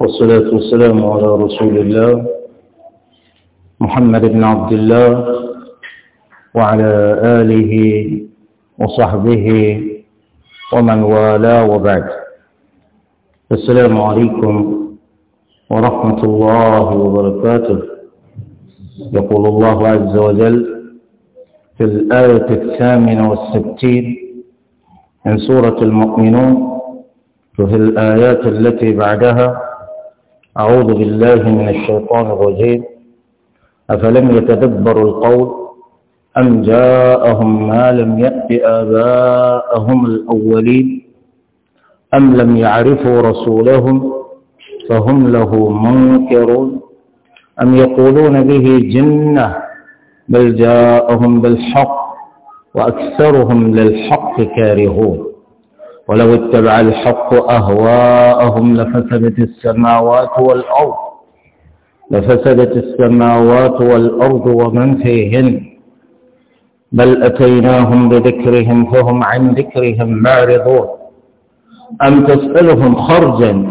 والصلاة والسلام على رسول الله محمد بن عبد الله وعلى آله وصحبه ومن والاه وبعد السلام عليكم ورحمة الله وبركاته يقول الله عز وجل في الآية الثامنة والستين من سورة المؤمنون وفي الآيات التي بعدها أعوذ بالله من الشيطان الرجيم أفلم يتدبروا القول أم جاءهم ما لم يأت آباءهم الأولين أم لم يعرفوا رسولهم فهم له منكرون أم يقولون به جنة بل جاءهم بالحق وأكثرهم للحق كارهون ولو اتبع الحق أهواءهم لفسدت السماوات والأرض لفسدت السماوات والأرض ومن فيهن بل أتيناهم بذكرهم فهم عن ذكرهم معرضون أم تسألهم خرجا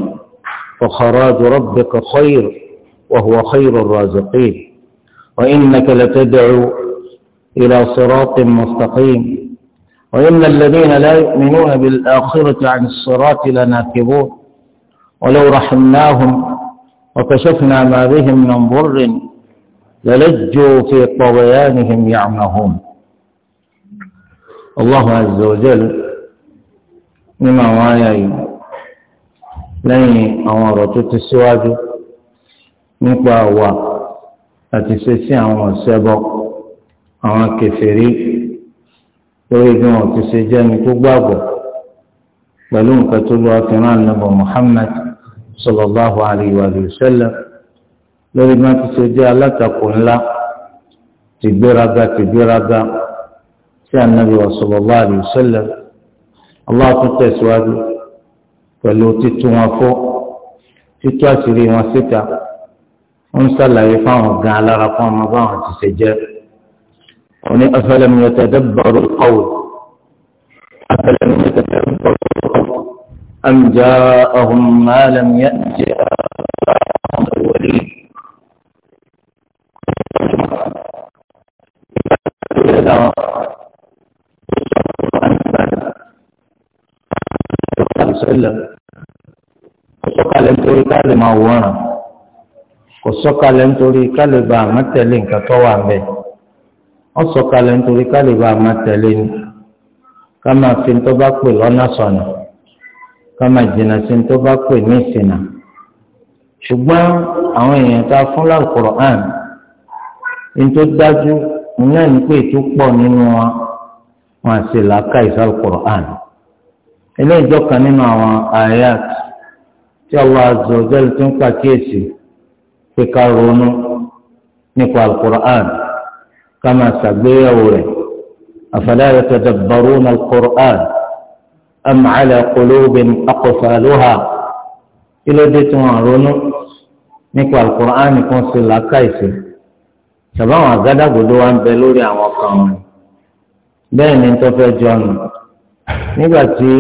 فخراج ربك خير وهو خير الرازقين وإنك لتدعو إلى صراط مستقيم وإن الذين لا يؤمنون بالآخرة عن الصراط لناكبون ولو رحمناهم وكشفنا ما بهم من ضر للجوا في طغيانهم يعمهون الله عز وجل مما وعي لن أمرت السواج نقوى أتسسي عن السبق عن كفري torí bí wọn ti ṣe jẹ́ ẹni tó gbàgbọ́ pẹ̀lú nǹkan tó lọ́ọ́ fi rán nàbọ̀ Muhammad sallallahu alayhi wa sallam lórí bí wọn ti ṣe jẹ́ alátakò ńlá tìgbéraga tìgbéraga sí ànábì wa sallallahu alayhi wa sallam Allah tó tẹ̀síwájú pẹ̀lú títú wọn fọ́ títú àṣírí wọn síta wọn ń ṣàlàyé fáwọn gan alára fún ọmọ báwọn ti ṣe jẹ́. هنا أفلم يتدبر القول أفلم يتدبر القول أم جاءهم ما لم يأجع الولين ان sokale ntori kale ba matelin ka to wa be wọ́n sọ̀kalẹ̀ nítorí kálíbà máa tẹ̀lé ni ká máa fi tó bá pè lọ́nà sọ̀nà ká máa jìnnà sí tó bá pè ní ìsìnà ṣùgbọ́n àwọn èèyàn tá a fún l'Al-Qur'an ní tó dájú náà ní pé ètò pọ̀ nínú wa wọn àti làákà ìsàl Qur'an eléyìí jọkan nínú àwọn ayat tí Allah azza wa jalla tó ń pàkíyèsí pé ká ronú nípa Al-Qur'an ká máa ṣàgbéyàwó rẹ̀ afala yatadabbaruna al-Qur'an am ala qulubin aqfaluha kí ló dé tí wọ́n ronú nípa al-Qur'an kan sí làákàyèsí ṣàbáwọn àgádágodo wa ń bẹ lórí àwọn kan wọn bẹ́ẹ̀ ni tó fẹ́ jọ nù nígbà tí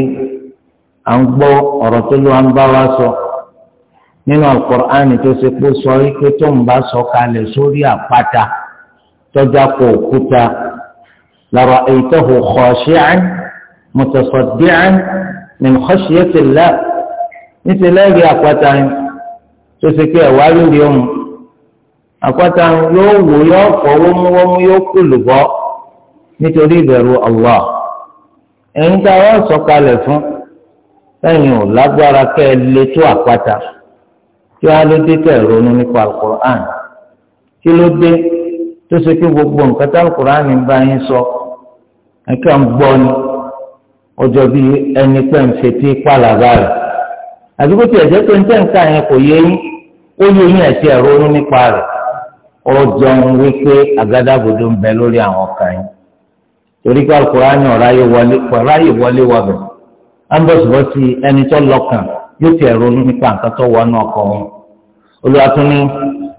à ń gbọ́ ọ̀rọ̀ tó ló ń bá wa sọ nínú quran tó ṣe pé sọ wípé tó ń bá sọ kalẹ̀ sórí àpáta. تدق òkúta لرأيته èyítọ́hù khashi'an من خشية الله مثل lẹ́rìí àpáta yẹn tó ṣe pé ẹ̀wá lórí ohun àpáta yóò wò yóò fọ́ wọ́múwọ́mú yóò kú lùbọ́ nítorí ìbẹ̀rù Allah ẹ̀yin tá a wá sọ̀kalẹ̀ fún lẹ́yìn ò lágbára kẹ́ ẹ lè tó àpáta kí wọ́n á dé tẹ̀ ronú nípa al kí ló dé tó ṣe pé gbogbo nǹkan tá Kùránì ń bá yín sọ ẹ̀ka ń gbọ́ ni ọjọ́ bí ẹni pẹ́ ń fetí pàlàbà rẹ̀ àdúgbò tí ẹ̀jẹ̀ pé ń tẹ̀ ń ká yẹn kò yé yín ó yé yín ẹ̀sẹ̀ ẹ̀rọ ní nípa rẹ̀ ọjọ́ ń wí pé àgádágodo ń bẹ lórí àwọn kan yín torí pé Kùránì ọ̀ráyè wọlé ọ̀ráyè wọlé wọbẹ̀ ambọ̀sibọ́sì ẹni tó lọ́kàn yóò ti ẹ̀rọ ní nípa nǹkan tó wọnú ọkọ̀ wọn olùwàtúni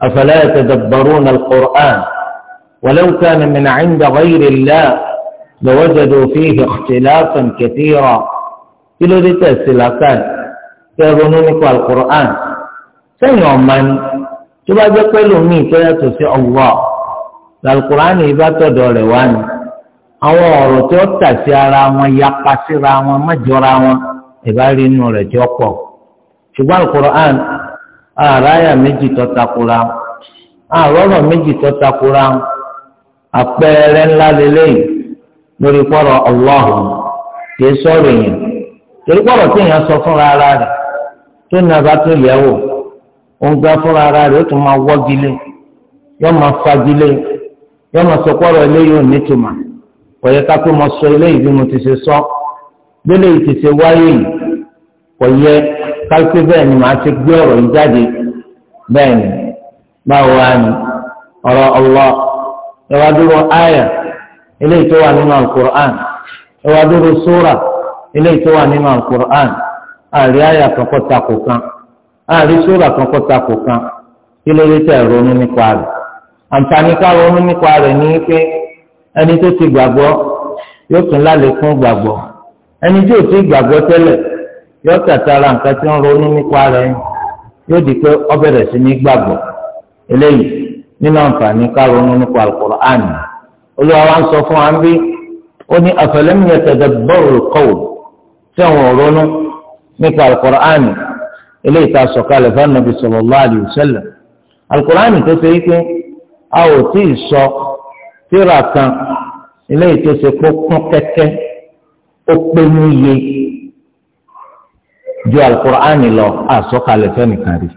afala yatadabbaruna al-Qur'an ولو كان من عند غير الله لوجدوا فيه اختلافا كثيرا إلى ذلك السلاكات تظنونك القرآن سيوما تبقى قلوا مين تياتو الله lálùkùránì ibà tọ̀dọ̀ rẹ̀ wá ní àwọn ọ̀rọ̀ tí ó tà sí ara wọn yapa síra wọn mọ́jọra wọn ìbá rí inú rẹ̀ tí ó pọ̀ ṣùgbọ́n alùkùránì àráyà méjì tó takora àrọ́rọ̀ méjì tó takora àpẹẹrẹ ńlá lélẹ́yìí lórí pọ́rọ̀ ọlọ́hùn kì í sọ̀rọ̀ èèyàn torí pọ́rọ̀ tí èèyàn sọ fúnra ara rẹ̀ tó ní abá tó yẹ wò òun gbá fúnra ara rẹ̀ ó tún máa wọ́gilé yọ́ máa fagilé yọ́ máa sọ pọ́rọ̀ eléyìí ò nítumà kò yẹ ká pé mo sọ eléyìí bí mo ti ṣe sọ gbélé ti ṣe wáyé yìí kò yẹ ká bẹ́ẹ̀ ni màá ti gbé ọ̀rọ̀ yìí jáde bẹ́ẹ̀ ni báwo wá ni ọ̀rọ̀ ọlọ́ọ̀ ẹ wá dúró àyà eléyìí tó wà nínú alukur'an ẹ wá dúró sóra eléyìí tó wà nínú alukur'an àrí àyà kankan takò kan àrí sóra kankan takò kan kí ló dé tẹ̀ ronú nípa rẹ̀ àǹfààní ká ronú nípa rẹ̀ ní pé ẹni tó ti gbàgbọ́ yóò tún lálékún gbàgbọ́ ẹni tí ò ti gbàgbọ́ tẹ́lẹ̀ yóò tàtàrà nǹkan tí ń ronú nípa rẹ̀ yóò di pé ó sí ní gbàgbọ́ eléyìí nínú àǹfààní kárọ̀ọ́nù nípa alukur'an olúwa wa ń sọ fún wa ń bí ó ní afalam yatadabbaru al-qawl tí àwọn òrónú nípa alukur'an eléyìí tá a sọ̀kalẹ̀ fún anabi sallallahu alayhi wa sallam alukur'an tó ṣe wípé a ò tí ì sọ tírà kan eléyìí tó ṣe kó kún kẹ́kẹ́ ó pé ní iye ju alukur'an lọ a sọ̀kalẹ̀ rí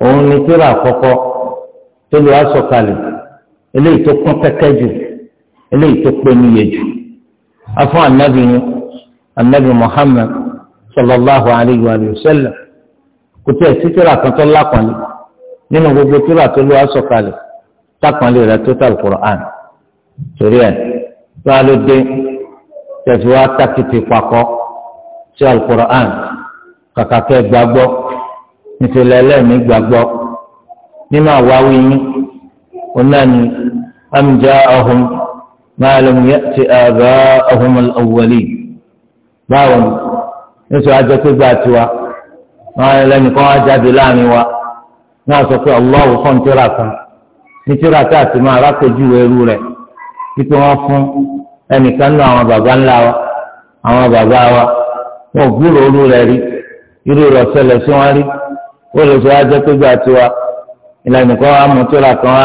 òun ni tírà àkọ́kọ́ tó lè wá sọ̀kalẹ̀ eléyìí tó kún kẹ́kẹ́ jù eléyìí tó pé níye jù afọ anabi anabi muhammed sallallahu alayhi wa sallam kò tí ẹ sí tíra kan tó lápọnlé nínú gbogbo tíra tó lè wá sọ̀kalẹ̀ tápọnlé rẹ̀ tó tà quran torí ẹ tó a wa takìtì pakọ sí al-Qur'an kàkà gbàgbọ́ nítorí ẹlẹ́mìí gbàgbọ́ nínú àwáwí yín ọ̀nà ni am ja'ahum ma lam ya'ti aba'ahum al-awwalin báwo ni nítorí ajọ pé gbà tiwa wọn lẹnìkan wá jáde láàrin wa náà sọ pé Allahu fún tíra kan ní tíra tá a ti máa rákòjúwe irú rẹ̀ wípé wọn fún ẹnìkan náà àwọn baba ńlá wa àwọn baba wa wọn gbúròó irú rẹ̀ rí irú rẹ̀ ṣẹlẹ̀ sí wọn rí ó lè sọ ajọ pé gbà tiwa ìlànà kan wà mú tíra kan wá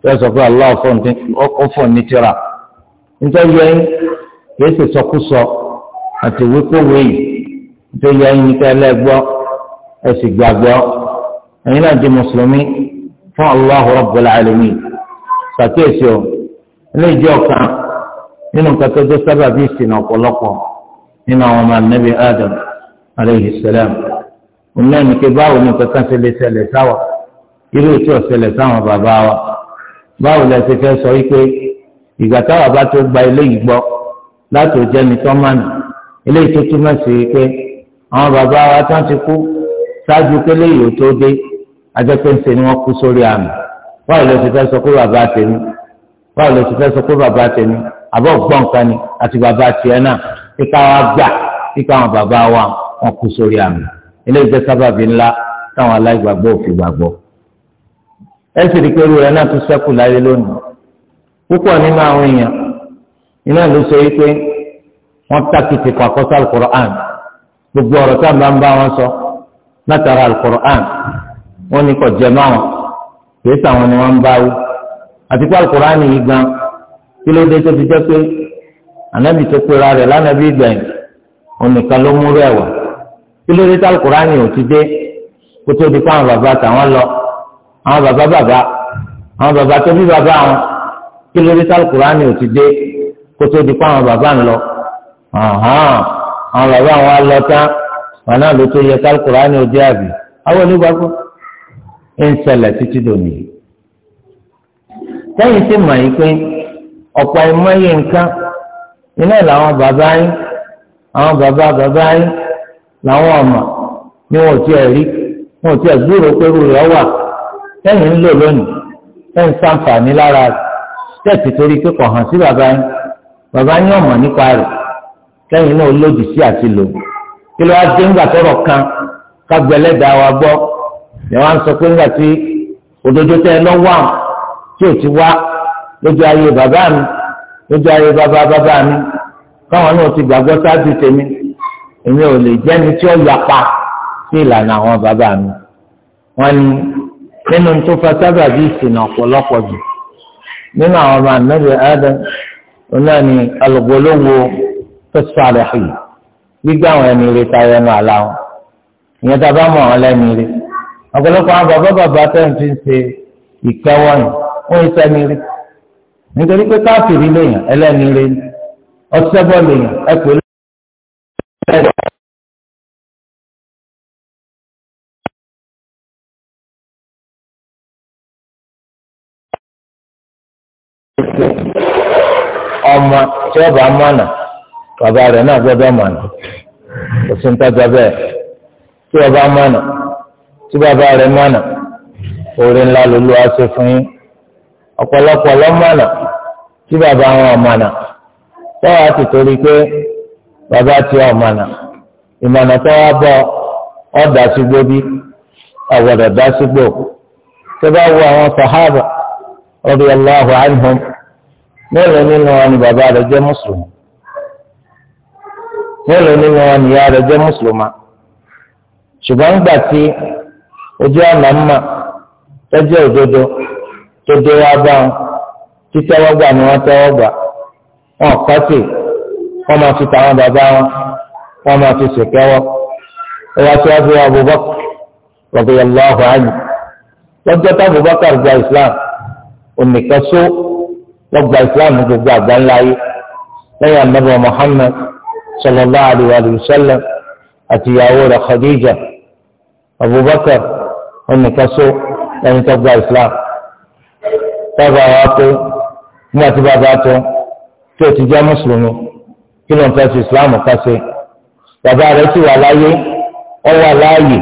tí wọ́n sọ pé Allah ọ̀fọ̀n ní tíra nítorí ẹyin kìí ṣe sọkúsọ àti wípéwé yìí nítorí ẹyin ní ká ẹlẹ́gbọ́ ẹ sì gbàgbọ́ ẹ̀yin náà di mùsùlùmí fún Allah Rabbul Alamin ṣàkíyèsí o ilé ìjọ kan nínú nǹkan tó sábà bí ìsìn ọ̀pọ̀lọpọ̀ nínú àwọn ọmọ anabi Adam aleyhi salam òun náà báwo ni nǹkan kan lè ṣẹlẹ̀ sáwà irú tí ó ṣẹlẹ̀ sáwọn bàbá wa báwo lẹ ti fẹ́ sọ wípé ìgbà táwa bá tó gba eléyìí gbọ́ látò jẹ́ni tọ́mánì eléyìí tó túmọ̀ sí pé àwọn bàbá wa tán ti kú ṣáájú pé eléyìí ò tó dé ajẹ́pẹ́nsẹ̀ ni wọ́n kú sórí àmì báwo lẹ ti fẹ́ sọ pé bàbá tèmi báwo lẹ ti fẹ́ sọ pé bàbá tèmi àbọ̀ gbọ̀ǹkan ni àti bàbá tiẹ̀ náà kíkà wá gbà kíkà àwọn bàbá wa wọn kú sórí àmì eléyìí ẹ sì rí i pé irú rẹ̀ náà tún ṣẹ́kù láyé lónìí púpọ̀ nínú àwọn èèyàn iná ló sọ yìí pé wọ́n tàkìtì kọ àkọsọ alukur'an gbogbo ọ̀rọ̀ tá a bá ń bá wọn sọ látara alukur'an wọ́n ní kò jẹ mọ́ wọn kì í sàwọn ni wọ́n ń bá wí àti pé alukur'an yìí gan kí ló dé tó fi jẹ́ pé ànábì tó pera rẹ̀ lánàbí ìgbẹ̀yìn onìkan ló mú rẹ̀ wá kí ló dé tó alukur'an yìí ò ti dé kó tó di fáwọn bàbá tàwọn lọ. àwọn bàbá bàbá àwọn bàbá tó bí bàbá kí lórí sálùkùránì ò ti dé kó tó di pa àwọn bàbá ń lọ àwọn bàbá àwọn alọ tán wọn náà ló tó yẹ sálùkùránì ò dé àbí àwọn ń ṣẹlẹ̀ títí dòní. sẹ́yìn sì mọ̀ yìí pé ọ̀pọ̀ nǹkan iná làwọn làwọn ni sẹ́yìn ń lò lónìí sẹ́yìn sàǹfààní lára tẹ̀sí torí pé kò hàn sí bàbá yín bàbá yín ọ̀mọ̀ nípa rẹ̀ sẹ́yìn náà lòdì sí àti lò kí ló wá dé ńgbà tọrọ kan kágbẹ́lẹ́dàá wa gbọ́ ni wọ́n á sọ pé ńgbà tí òdodo tẹ ẹ lọ́wọ́ àwọn tí ò ti wá lójú ayé bàbá mi lójú ayé bàbá bàbá mi káwọn náà ti gbàgbọ́ sáájú tèmi èmi ò lè jẹ́ni tí ó yapa sí ìlànà àwọn bàbá mi wọ́n ní nínú tó fa sábàbí ìsìnà ọ̀pọ̀lọpọ̀ jù nínú àwọn ọmọ ànábì Adam náà ni alùpùpù fẹsàlẹ̀ hì gbígbà àwọn ẹni rẹ tayọ ẹnu àlá wọn ìyẹn tá a bá mọ àwọn lẹ́nu rẹ ọ̀pọ̀lọpọ̀ àwọn bàbá bàbá tẹ̀ ń ṣe ìkẹwọ́ ni wọ́n ń sẹ́ni rẹ nítorí pé káàkiri lèèyàn ẹlẹ́ni rẹ ọ̀sẹ́bọ̀ lèèyàn ẹ̀pẹ́ tí ọba mọ́nà bàbá rẹ̀ náà gbọ́dọ̀ mọ̀nà kò sí ń tọ́jọ́ bẹ́ẹ̀ tí ọba mọ́nà tí bàbá rẹ̀ mọ́nà orí ńlá lolú wa ṣe fún yín ọ̀pọ̀lọpọ̀ lọ́mọ̀nà tí bàbá wọn ọ̀mọ̀nà tọ́wọ́ àti torí pé bàbá ti ọ̀mọ̀nà ìmọ̀nà tọ́wọ́ bọ̀ ọ́ dà sí gbóbi àwọ̀dọ̀ dá sí gbò tó bá wo àwọn sàhábà radiyallahu anhum mélòó nínú wọn ni bàbá rẹ̀ jẹ́ mùsùlùmí mélòó nínú wọn ni ìyá rẹ̀ jẹ́ mùsùlùmá ṣùgbọ́n nígbà tí ojú ọ̀nà ń mọ̀ tọ́jú òdodo tó dé wá bá wọn títẹ́wọ́ gbà ni wọ́n tẹ́wọ́ gbà wọn kọ́ sí wọ́n máa fi tàwọn bàbá wọn wọ́n máa fi ṣèkẹ́wọ́ ẹ wá sí wájú Abubakar radiyallahu anhu lọ́jọ́ tá Abubakar gba Islam ònìkan sóò lọ́gbà ìsìláàmù gbogbo àgbáńlá ayé lẹ́yìn anábọ̀ Muhammad sallallahu alayhi wa sallam àti ìyàwó rẹ̀ Khadija Abubakar onìkaso lẹ́yìn tó gba ìsìláàmù tábà wá pé nígbà tí bàbá tó tí o ti jẹ́ mùsùlùmí kí ló ń fẹ́ fi ìsìláàmù ká ṣe bàbá rẹ̀ sì wà láyé ó wà láàyè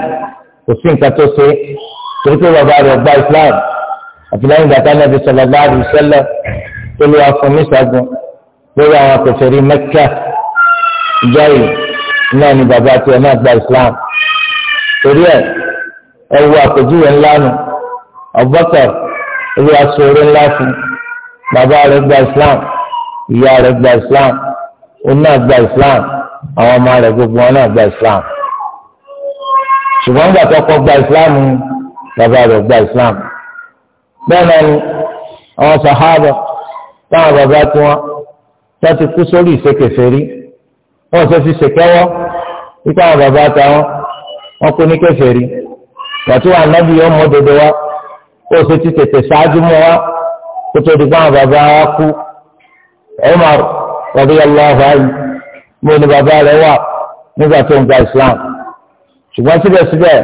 kò sí nǹkan tó ṣe torí pé bàbá rẹ̀ gba ìsìláàmù àti lẹ́yìn gbàtà nàbì sallallahu alayhi wa sallam tolu afọmisagun lórí àwọn akẹfẹrí mẹka jai náà ni bàbá tiẹ̀ náà gba islam torí ẹ ẹ wo àpèjúwe ńlá nu Abubakar ewu asoore ńlá fún bàbá rẹ̀ gba islam ìyá rẹ̀ gba islam òun náà gba islam àwọn ọmọ rẹ̀ gbogbo wọn gba islam ṣùgbọ́n gbàtọ́ kọ́ gba islam bàbá rẹ̀ gba islam bẹ́ẹ̀ náà ni àwọn sàhábà táwọn bàbá tí wọn tó ti kú sórí ìṣekèfé rí wọn sọ fi ṣèkẹwọ wípé àwọn bàbá táwọn wọn kú ní kẹfẹ rí yàtọ̀ wà nábì yóò mọ dodo wa kó o ṣe ti tètè ṣáájú mọ wa kó tó di báwọn bàbá wa kú Umar radiyallahu anhu mo ní bàbá rẹ wà nígbà tó ń gba Islam ṣùgbọ́n síbẹ̀síbẹ̀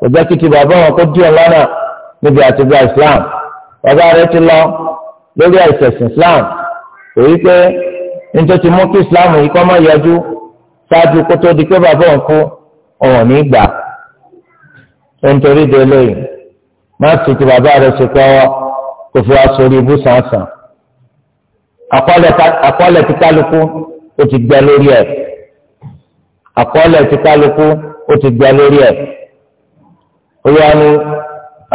kò jẹ́ kí ti bàbá wọn kó díẹ̀ lọ́nà níbi àti gba Islam bàbá rẹ ti lọ lórí àìsẹ̀sìn islam èyí pé nítorí ti mú kí islam yìí kọ́ mọ́ yọjú ṣáájú kó tó di pé bàbá òun kú ọ̀hún ní gbà nítorí délé yìí má sì ti bàbá rẹ̀ ṣe pẹ́wọ́ kò fi wá sórí ibú sàǹsàn àkọọ́lẹ̀ ti kálukú ó ti gbẹ lórí ẹ̀ àkọọ́lẹ̀ ti kálukú ó ti gbẹ lórí ẹ̀ ó yẹ ni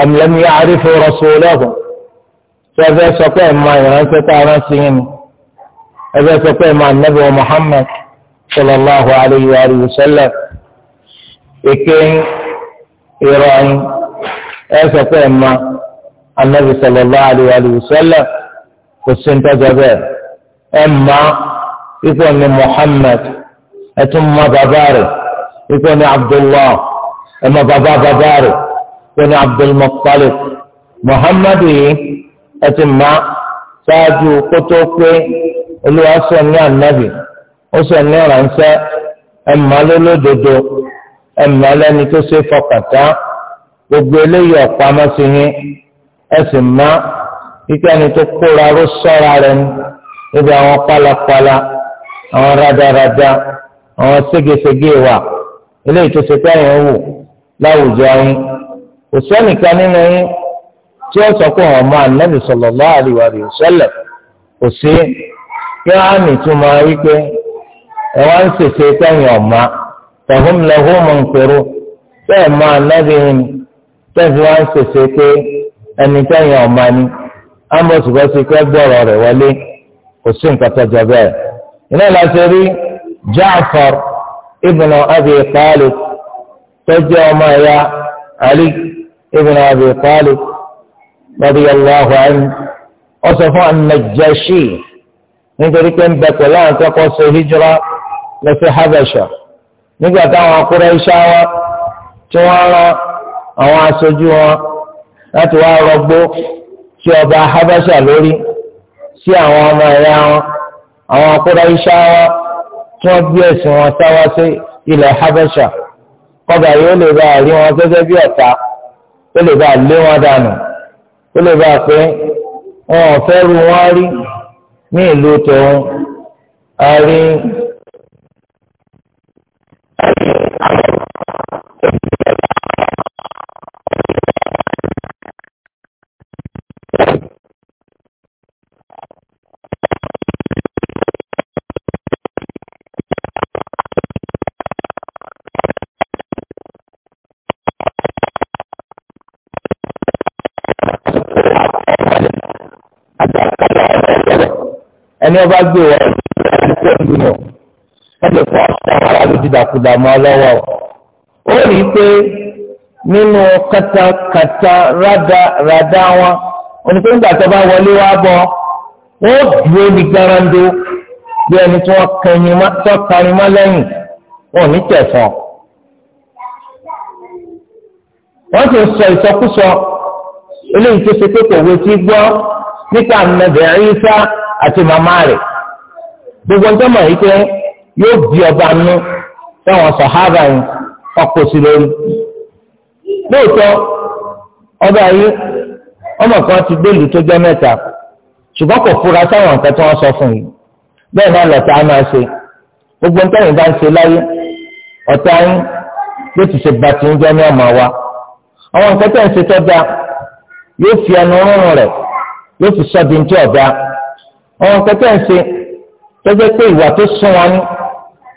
am lam ya'rifu rasulahum. ẹgbẹ́ sọ pé ẹ̀ máa ìránṣẹ́ tá a rán sí yín ni ẹgbẹ́ sọ pé ẹ̀ máa nẹ́bí wa Muhammad sallallahu alayhi wa sallam èké ìrọ̀yìn ẹ sọ pé ẹ̀ máa anabi sallallahu alayhi wa sallam kò sí ní tọ́jà bẹ́ẹ̀ ẹ̀ máa ipò ní Muhammad ẹ̀ tún mọ bàbá rẹ̀ ikú ní Abdullah ẹ̀ mọ bàbá bàbá rẹ̀ ikú ní Abdul Muttalib Muhammad yìí. ẹ ti mọ̀ ṣáájú kótó pé olúwa sọ ní ànábì ó sọ ní ìránṣẹ́ ẹ mọ̀ lólódodo ẹ mọ̀ lẹ́ni tó ṣe fọkàtà gbogbo eléyìí ọ̀pá mọ́sí yín ẹ sì mọ̀ kíkẹ́ ẹni tó kóra ló sọ́ra rẹ̀ níbi àwọn pálapàla àwọn rádaràda àwọn ségesège wà eléyìí tó ṣe pé àyàn wò láwùjọ yín kò sẹ́nìkan nínú yín tí ó sọ pé àwọn ọmọ anabi sallallahu alaihi wa sallam kò sí kí wọn á nìtúmọ̀ wípé ẹ wá ń ṣèṣe kẹyìn ọmọ tẹhùn lẹhùn mọ nkúrú bẹ́ẹ̀ mọ anabi ni tẹsí wá ń ṣèṣe pé ẹni kẹyìn ọmọ ni amọ̀sibọ́sí kẹ́ gbọ́rọ̀ rẹ̀ wọlé kò sí nǹkan tó jọ bẹ́ẹ̀. iná láti rí Ja'far ibn Abi Talib tó jẹ́ ọmọ ẹ̀yà Ali ibn Abi Talib radiyallahu anhu ó sọ fún an-Najashi nítorí pé ń bẹ pẹ̀lú àwọn tó kọ́ ṣe hijira lọ sí Habasha nígbà táwọn akúrẹ́ iṣẹ́ wa tí wọ́n rán àwọn aṣojú wọn láti wá rọgbó sí ọba Habasha lórí sí àwọn ọmọ ẹ̀yà wọn àwọn akúrẹ́ iṣẹ́ wa tí wọ́n gbé ẹ̀sìn wọn sáwá sí ilẹ̀ Habasha kọba yóò lè bá rí wọn gẹ́gẹ́ bí ọ̀tá ó lè bá lé wọn dànù ó lè bá a pé wọn ò fẹ́ ru wọn rí ní ìlú tòun a rí. ẹni ọba gbé wọ ẹ̀kọ́ ìgbìmọ̀ ẹ̀lẹ́ fún ọ̀sán ara ló ti dàkúdà mọ́ lọ́wọ́ ó rí i pé nínú katakata rádá wọn onípe nígbà tó bá wọlé wá bọ̀ wọ́n dúró ní garando bí ẹni tí wọ́n kẹrin mọ́ lẹ́yìn wọn ò ní tẹ̀sán wọ́n ti sọ ìsọkúsọ eléyìí tó ṣe pé kò wé sí nípa àmọ̀dé ẹ̀ríṣà àti màmá rẹ̀ gbogbo ọjọ́ mọ̀ yìí pé yóò di ọba nú táwọn sọ̀hábà yìí ọkọ̀ sí lórí. lóòótọ́ ọba yìí ọmọ kan ti gbèlú tó jẹ́ mẹ́ta ṣùgbọ́n kò fura sáwọn nǹkan tí wọ́n sọ fún yìí bẹ́ẹ̀ náà lọ́tà á máa ṣe gbogbo nǹkan bá ń ṣe láyé ọ̀tá yín yóò ti ṣe bàtí ń jẹ́ ní ọmọ wa àwọn nǹkan tẹ̀ ń ṣe tọ́jà yóò fi ẹnu rúnrún rẹ̀ ló fi sọ di ní tí ọ̀dà ọ̀hún kẹtẹ́ ń ṣe tọ́jọ́ pé ìwà tó sún wọn ní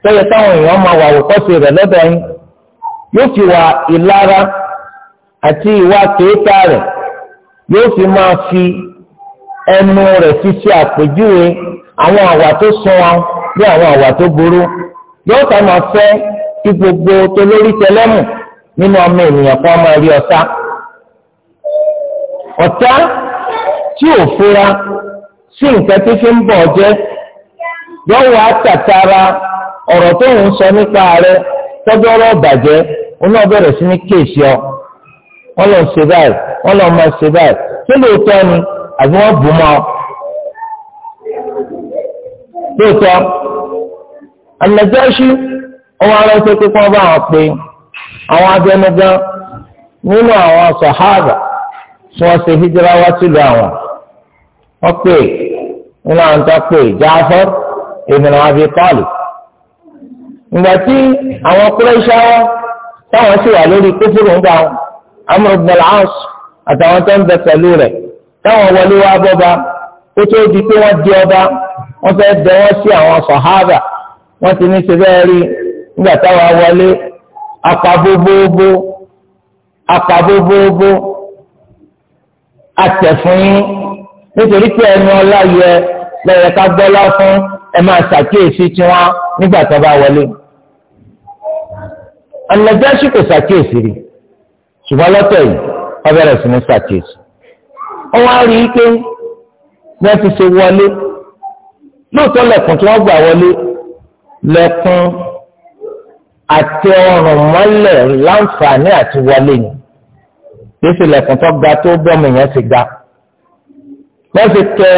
tọ́jọ́ táwọn èèyàn máa wà wòkọ́sí rẹ̀ lọ́dọ̀ yín yóò fi wà ìlara àti ìwà kéétà rẹ̀ yóò fi máa fi ẹnu rẹ̀ fi ṣe àpèjúwe àwọn àwà tó sún wọn bí àwọn àwà tó burú yóò ká máa fẹ́ kí gbogbo tó lórí tẹlẹ́mù nínú ọmọ ènìyàn kan máa rí ọ̀tá ọ̀tá tí ò fura sí nǹkan tí fi ń bọ̀ jẹ́ yọ̀wọ́ àtàtàrà ọ̀rọ̀ tó ń sọ nípa rẹ̀ tọ́jú ọ̀rọ̀ bàjẹ́ oní ọ̀bẹ̀rẹ̀ sí ní kéèsì ọ wọ́n lọ ṣe báyìí wọ́n lọ máa ṣe báyìí tó lóòótọ́ ni àbí wọ́n bù mọ́ ọ. lóòótọ́ ànàjọ́sí ọmọ aránsẹ́ pé kọ́ bá wọn pé àwọn abẹnugan nínú àwọn sàhábà tí wọ́n ṣe hijira wá sílùú àwọn. wọ́n pè nínú àwọn tó pè Ja'far ibn Abi Talib ìgbà tí àwọn kúrẹ́ṣà táwọn sì wà lórí kófúrú ńgbà wọn as àtàwọn tó ń bẹ pẹ̀lú rẹ̀ táwọn wọlé wá tó di pé wọ́n di ọba wọ́n fẹ́ dẹwọ́ sí àwọn wọ́n ti ní ṣe rí nígbà táwọn wọlé apabóbóbó apabóbóbó nítorí pé ẹnu ọlá yẹ lọ́yẹ ká gbọ́lá fún ẹ máa ṣàkíyèsí tiwọn nígbà tó bá wọlé. An-Najashi kò ṣàkíyèsí rí ṣùgbọ́n lọ́tọ̀ yìí wọ́n bẹ̀rẹ̀ sí ní ṣàkíyèsí. wọ́n wá rí i pé wọ́n ti ṣe wọlé lóòótọ́ lẹ́kùn tí wọ́n gbà wọlé lẹ́kùn àti ọrùn mọ́lẹ̀ láǹfààní àti wọlé ni. Bí ó ṣe lẹ́kùn tó ga tó bọ́mù yẹn ti ga wọ́n ti tẹ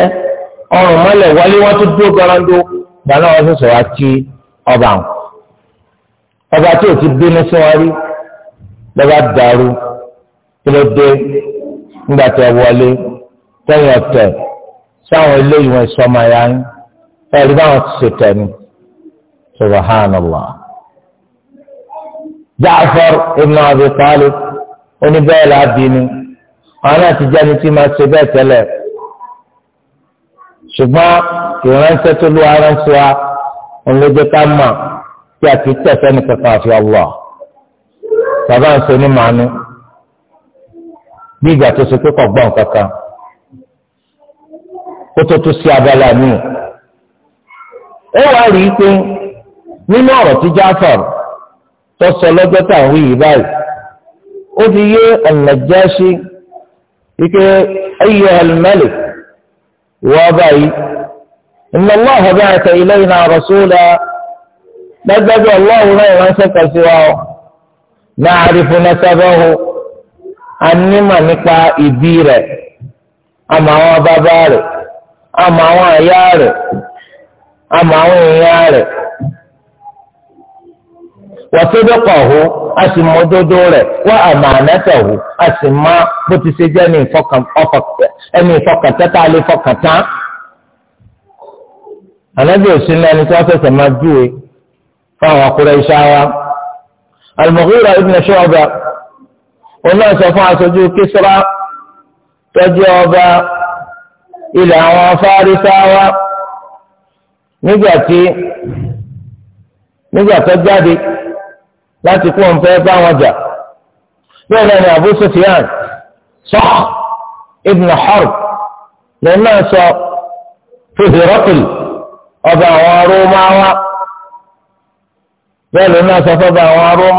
ọrùn mọ́lẹ̀ wọlé wọ́n tún dúró garando gbaná wọn sọ̀sọ̀ wá kí ọba àwọn ọba tí ò ti bínú sí wọn rí lọ́ba dàrú kí ló dé nígbà tí ẹ wọlé tẹ́yìn ọ̀tẹ̀ sáwọn eléyìí wọn sọmọ ya ń ẹ̀rí báwọn ti ṣètẹ̀ ni subhanallah. Jaafar ibn Abi Talib oníbẹ̀rẹ̀ la bínú náà ti jẹ́ni tí máa ṣe bẹ́ẹ̀ tẹ́lẹ̀ ṣùgbọ́n ìránṣẹ́ tó lù aránṣẹ́ wa òun ló jẹ́ ká mọ̀ kí àti tẹ̀sẹ̀ ní kankan àfi ọlọ́ bàbá ń sọ ní màánú bí ìgbà tó ṣe pé kò gbọ́n kankan kó tó tún sí abala míì ó wá rí i pé nínú ọ̀rọ̀ tí Jáfàr tó sọ lọ́jọ́ tá à ń wí yìí báyìí ó ti yé An-Najashi wípé ayyuhal malik. wọ́ọ́bà yìí ìnáwó àhọ́bẹ́ àti ilé iná rọ̀ṣúlá dájúdájú ọlọ́run náà ránṣẹ́ kan sí wa ọ́ náà àrífún náà sábẹ́hù anímọ̀ nípa wàsódókòhó a sì mọ òdodo rẹ̀ wá àmàlẹ́tẹ̀hó a sì má bó ti ṣe jẹ́ ẹni ìfọkàntẹ́tà lè fọkàntá. ànábì òsín náà ni tí wọ́n fẹsẹ̀ máa júwe fáwọn Qurayshawa wa. Al-Mughira ibn Shu'ba òun náà sọ fún aṣojú Kisra tọ́jú ọba ilẹ̀ àwọn Fárísáwá nígbà tí nígbà tó jáde. láti kó òun fẹ́ bá wọn jà Abu Sufyan Sahl ibn Harb lẹ́yìn náà sọ fihì rọ́pìl ọba àwọn rómáwá bẹ́ẹ̀ lẹ́yìn náà sọ fọba àwọn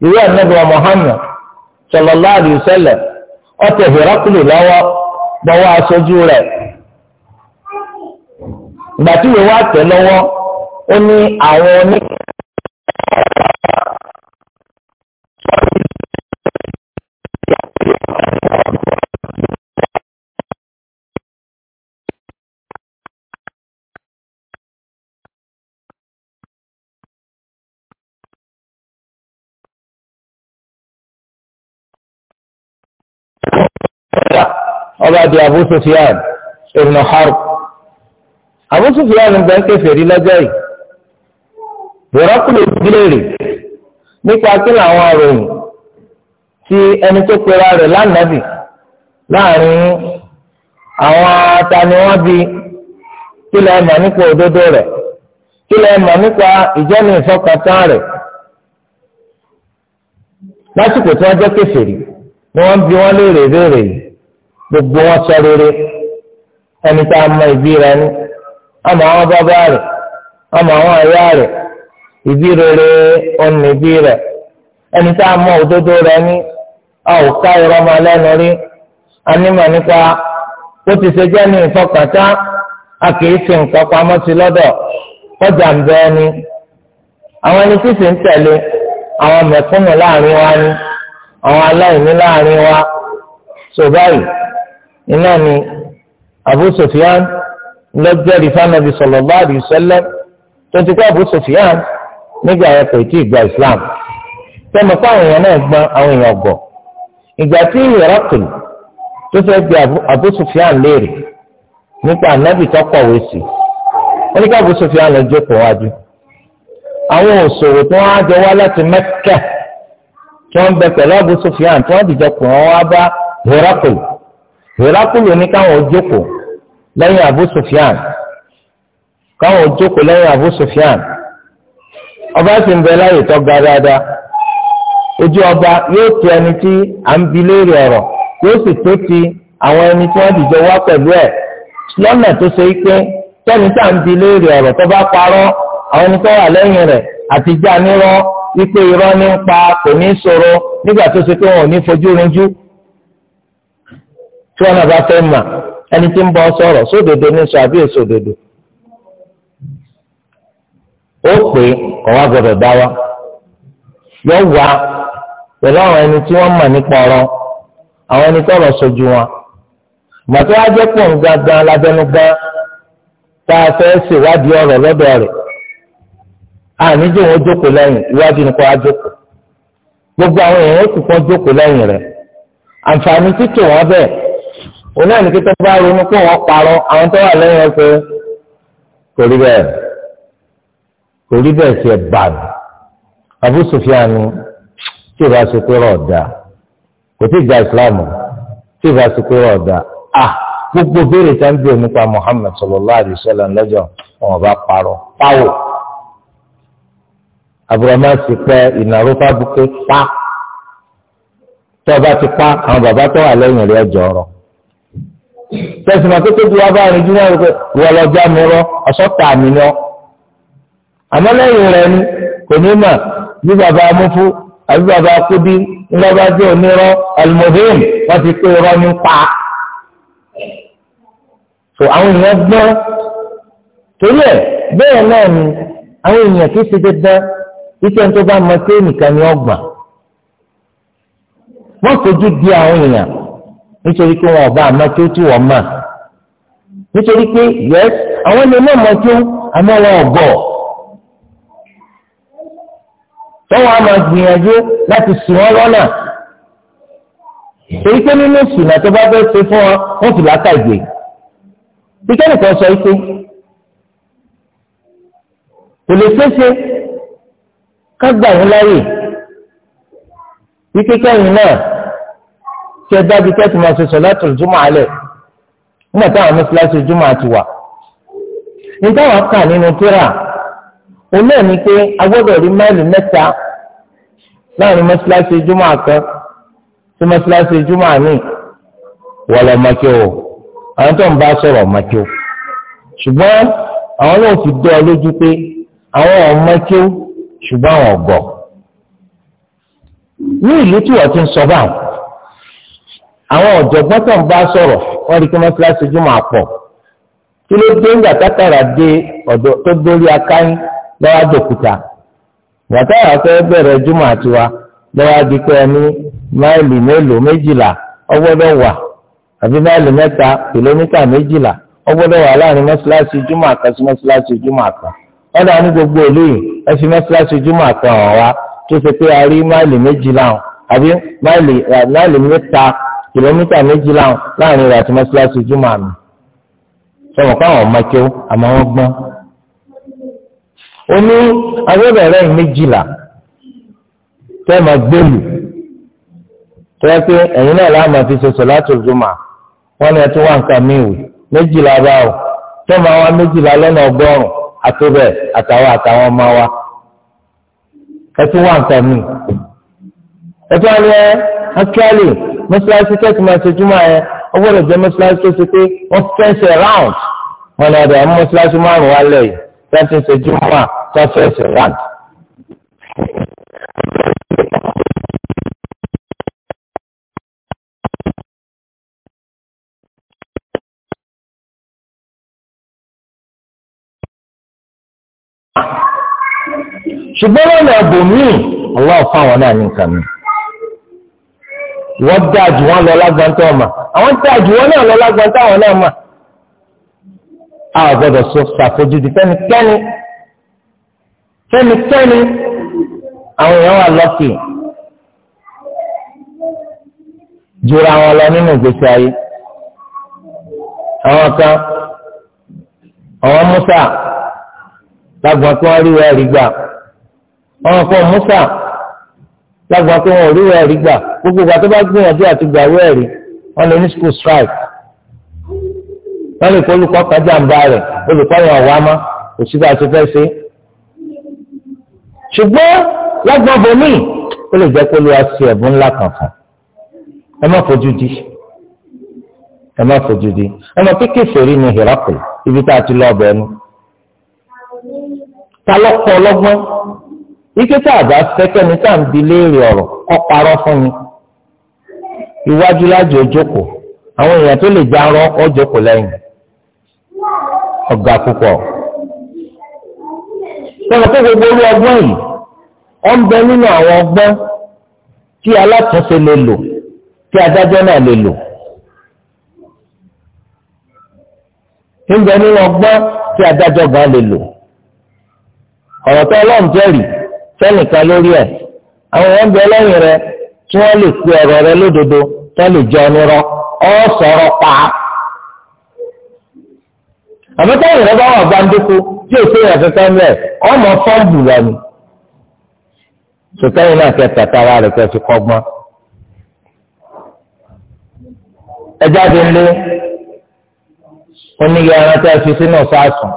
ìwé Muhammad sallallahu ọtẹ aṣojú gbàtí ìwé wa ó ní àwọn oní. ọba di Abu Sufyan ibn Harb Abu Sufyan ń bẹ́ẹ̀ kẹfẹ́ rí lọ́jọ́ yìí ìrọ́pùlù ìbéèrè nípa kí làwọn àròyìn tí ẹni tó pera rẹ̀ lánàbì láàrin àwọn ataniwábi kí lẹ́ẹ̀ mọ̀ nípa òdodo rẹ̀ kí lẹ́ẹ̀ mọ̀ nípa ìjọ́ni ìfọkàntán rẹ̀ lásìkò tí wọ́n jẹ́ kèfèrí ni wọ́n bi wọ́n léèrè béèrè yìí gbogbo wọn sọ rere ẹni tá a mọ ìbí rẹ̀ ni àmọ́ àwọn bàbá rẹ̀ àmọ́ àwọn àyà rẹ̀ ìbí rere ọ̀nà ìbí rẹ̀ ẹni tá a mọ òdodo rẹ̀ ní a ò ká irọ́ máa lẹ́nu rí a nímọ̀ nípa bó ti ṣe jẹ́ ní ìfọkàntá a kìí fi nǹkan pamọ́ sí lọ́dọ̀ kọjá ń bẹ ẹni àwọn ẹni tí sì ń tẹ̀lé àwọn mẹ̀kúnnù láàrin wa ni àwọn aláìní láàrin wa sọ̀báyì iná ni Abu Sufyan lọ́jọ́ rìfánàbì sallallahu alaihi wasallam tó ti kọ́ Abu Sufyan nígbà yẹn kò tí ì gba islam tẹmọ fún àwọn èèyàn náà gbọn àwọn èèyàn gbọ ìgbà tí ìrọ́kùn tó fẹ́ di Abu Sufyan léèrè nípa ànábì tó kọ̀wé sí ó ní ká Abu Sufyan lọ jókòó wájú àwọn òṣòwò tí wọ́n á jọ wá láti Mẹ́kà tí wọ́n bẹ pẹ̀lú Abu Sufyan tí wọ́n dìjọ pọ̀ wọ́n wá bá ìrọ́kùn ìrọ́kùn ní káwọn jókòó lẹ́yìn Abu Sufyan káwọn jókòó lẹ́yìn Abu Sufyan ọba sì ń bẹ láyè tó ga dáadáa ojú ọba yóò tó ẹni tí à ń bi léèrè ọ̀rọ̀ yóò sì tó ti àwọn ẹni tí wọ́n dìjọ wá pẹ̀lú ẹ̀ lọ́nà tó ṣe pé tẹ́ni tá à ń bi léèrè ọ̀rọ̀ tó bá parọ́ àwọn ẹni tó wà lẹ́yìn rẹ̀ àtijọ́ ànírọ́ wípé irọ́ ní ń pa kò ní ṣòro nígbà tó ṣe pé wọn ò ní fojú rinjú tí wọn náà bá fẹ́ mà ẹni tí ń bọ́ sọ̀rọ̀ sódodo ní sọ àbí èsòdodo ó pè é kọ́ wá gbọ́dọ̀ dá wa yọ wá pẹ̀lú àwọn ẹni tí wọ́n mọ̀ nípa ọ̀rọ̀ àwọn ẹni tọrọ sojú wọn màtí wàá jẹ́ pọ̀ ń gangan lábẹ́nugán tá a fẹ́ ṣèwádìí ọ̀rọ̀ lọ́dọ̀ rẹ̀ àníjẹ́ wọn jókòó lẹ́yìn ìwádìí nìkan á jókòó gbogbo àwọn èèyàn ó sì jókòó lẹ́yìn rẹ̀ àǹfààní títò wọn bẹ́ẹ̀ òun náà ní kí tó bá ronú pé wọ́n parọ́ àwọn tó wà lẹ́yìn ẹ̀ kò rí bẹ́ẹ̀ torí bẹ́ẹ̀ sí ẹ bàbí Abu Sufyan tí ìbá ṣe pé rọ̀ọ̀dà kò tí ì gba ìsìláàmù tí ìbá ṣe pé rọ̀ọ̀dà à ah, gbogbo béèrè tá ń bèèrè nípa Muhammad sallallahu alaihi wasallam lọ́jọ́ wọn bá parọ́ páwò àbúrọ̀mọ́ ti pẹ́ ìnáró fábùké pa tí ọba ti pa àwọn bàbá tó wà lẹ́yìn rẹ̀ jọ ọ̀rọ̀ tẹ̀sán àti tóbi wá bá rìn jùlọ wọlọ́jà mi rọ ọ̀ṣọ́ta mi lọ àmọ́ lẹ́yìn rẹ̀ ni kò ní mà bí bàbá amúfú àbí bàbá kúdí ńlá bá jẹ́ onírọ́ alimohim wọ́n ti pé irọ́ ní pa. so àwọn èèyàn gbọ́n torí ẹ̀ bẹ́ẹ̀ náà ni àwọn èèyàn kì í ṣe dandan iṣẹ́ tó bá mọ sí ẹnìkan ní ọgbà wọ́n fojú di àwọn èèyàn nítorí pé wọn ò bá àmọ́ tó tí wọ́n mà nítorí pé yẹ àwọn ènìyàn mọ̀ tó àmọ́ wọn ò gọ̀ọ́ tọ́wọ́ a máa gbìyànjú láti sùn wọ́n lọ́nà èyí pé nínú ìsìnà tó bá fẹ́ ṣe fún wọn wọ́n fi làákà ìgbè ìkẹ́ni kan sọ ike kò lè ṣeéṣe ká gbà yín láàyè wípé kẹ́yìn náà ṣe dájú kẹ́tù máa ṣe sọ̀láàtù jùmọ̀ alẹ̀ nígbà táwọn mọ́ṣáláṣí jùmọ̀ àti wà nígbà wàá kà nínú tírà òun náà ni pé a gbọ́dọ̀ rí máìlì mẹ́ta láàrin mọ́ṣáláṣí júmọ̀ kan sí mọ́ṣáláṣí júmọ̀ míì wọ́n lọ mọ́kí o àwọn tó ń bá sọ̀rọ̀ mọ́kí o ṣùgbọ́n àwọn náà fi dọ́ ọ lójú pé àwọn ọmọkí o ṣùgbọ́n àwọn ọ̀gọ̀ ní ìlú tí wọ́n ti ń sọ báwọn àwọn ọ̀jọ̀gbọ́n tó ń bá sọ̀rọ̀ wọ́n rí kí mọ́ṣáláṣí júmọ̀ àpọ̀ kí ló dé ńgbà lọ́wọ́ àdòkúta gbàtà fẹ́ bẹ̀rẹ̀ júmọ̀ àtiwá lọ́wọ́ àdìpẹ́ ní máìlì mélòó méjìlá ọgbọ́dọ̀ wà àbí máìlì mẹ́ta kìlómítà méjìlá ọgbọ́dọ̀ wà láàrin mọ́ṣáláṣí àkàn sí àkàn gbogbo ẹ fi àkàn hàn wá tó ṣe pé a rí máìlì méjìlá hàn àbí máìlì mẹ́ta láàrin àti ó ní agbẹ́bẹ̀rẹ̀ méjìlá tẹ́ máa gbélù tẹ́ pé ẹ̀yin náà láàmà fi ṣe sọ̀látù zùmà wọ́n ní ẹtú wà nǹkan míì méjìlá báwò tẹ́ máa wá méjìlá lọ́nà ọgọ́rùn-ún àtúbẹ̀ àtàwọn àtàwọn ọmọ wa ẹtú wà nǹkan míì ẹtú wà ní ẹ akíálì mọ́ṣáláṣí tẹ́tù máa ṣe júmọ́ ẹ ó gbọ́dọ̀ jẹ́ mọ́ṣáláṣí tó ṣe pé wọ́n fẹ́ǹsì round wọn ni ọ̀dọ̀ àwọn mọ́ṣáláṣí márùn-ún wá lẹ̀ yìí tẹ́tù ṣe júmọ́ tọ́fẹ̀sì rand. ṣùgbọ́n lọ́nà ẹ̀bùnmíì ọlọ́ọ̀ fún àwọn náà ní nǹkan mi. wọ́n dáa jù wọ́n lọ lágbàntàn ọmọ àwọn dáa jù wọ́n náà lọ lágbàntàn àwọn náà mọ̀. a ò gbọ́dọ̀ sọ ṣàfojúdi fẹ́nikẹ́ni fẹ́nikẹ́ni àwọn èèyàn wà lọ́kì jura wọn lọ nínú ìgbésí ayé àwọn kan àwọn musa lágbọn tí wọn rí wẹ rí gbà àwọn kan musa lágbọn tí wọn rí wẹ rí gbà gbogbo ìgbà tó bá gbìyànjú àti gbà wẹ rí wọn lè ní school strike wọn lè kó olùkọ́ kájà ń bá rẹ̀ olùkọ́ yẹn wá mọ́ òṣìṣẹ́ àti fẹ́ ṣe é ṣùgbọ́n lágbọ́n bomi ó lè jẹ́ pé olúwa ṣe ẹ̀bùn ńlá kan fún ẹ má fojú di ẹ má fojú di ẹ mọ pé kèfèrí ni Hírákùlù ibi tá a ti lọ ọbẹ̀ ẹnu ta lọ́kọ̀ ọlọ́gbọ́n ike tá a bá fẹ́kẹ́ni tá à ń bi léèrè ọ̀rọ̀ kọ́ parọ́ fún mi iwájú lájò ojókòó àwọn èèyàn tó lè já rán ọjókòó lẹ́yìn ọ̀gá púpọ̀ sọ̀rọ̀ pé gbogbo orí ọgbọ́n yìí ó ń bẹ nínú àwọn ọgbọ́n tí alátúnṣe lè lò tí adájọ́ náà lè lò. ń bẹ nínú ọgbọ́n tí adájọ́ gan lè lò. ọ̀rọ̀ tó ọlọ́run jẹ́rìí sẹ́nìkan lórí ẹ̀ àwọn èèyàn bẹ lẹ́yìn rẹ tí wọ́n lè pe ọ̀rọ̀ rẹ lódodo tí lè jẹ onírọ́ ọ̀ sọ̀rọ̀ pàápàá àmọ́ táwọn èèyàn bá wà gbàǹdókò tí ò séèyàn kankan mẹ ọmọ fọọbù lẹnu sọtẹyìn náà kẹ tàtàrà rẹ kẹ kọ́gbọ́n ẹ jáde ńlẹ oníyẹ ẹran tí a fi sínú sásùn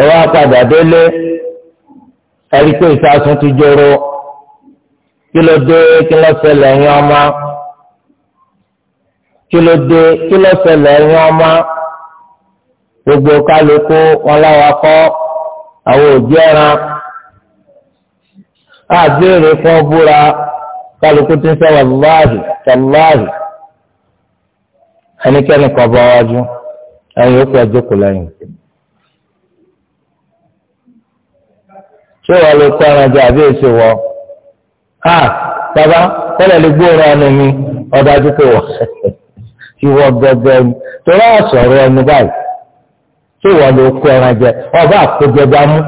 ẹ wá padà délé ẹ pé ìsásùn ti jọrọ kí ló dé kí ló ṣẹlẹ̀ ẹ̀yin ọmọ kí ló dé kí ló ṣẹlẹ̀ ẹ̀yin ọmọ gbogbo kálukú wọn láwa kọ́ àwọn òbí ẹran àbẹ̀rẹ̀ fún búra kálukú ti ń sọ wàlúwàhì tàlúwàhì ẹnikẹ́ni kọ́ bá wájú ẹ̀yin ó kọ́ jókòó lẹ́yìn. ṣé wàá lè kọ́ ẹran jẹ àbí èso wọ? a bàbá kọ́lẹ̀ lè gbóòórùn ẹnu mi ọ̀dájú pé wọ́n ṣẹ̀ṣẹ̀ ìwọ gbẹgbẹ ni torí àṣọ̀rọ̀ ẹnu báyìí tí ìwọ ló kó ẹran jẹ ọba àkójọba mú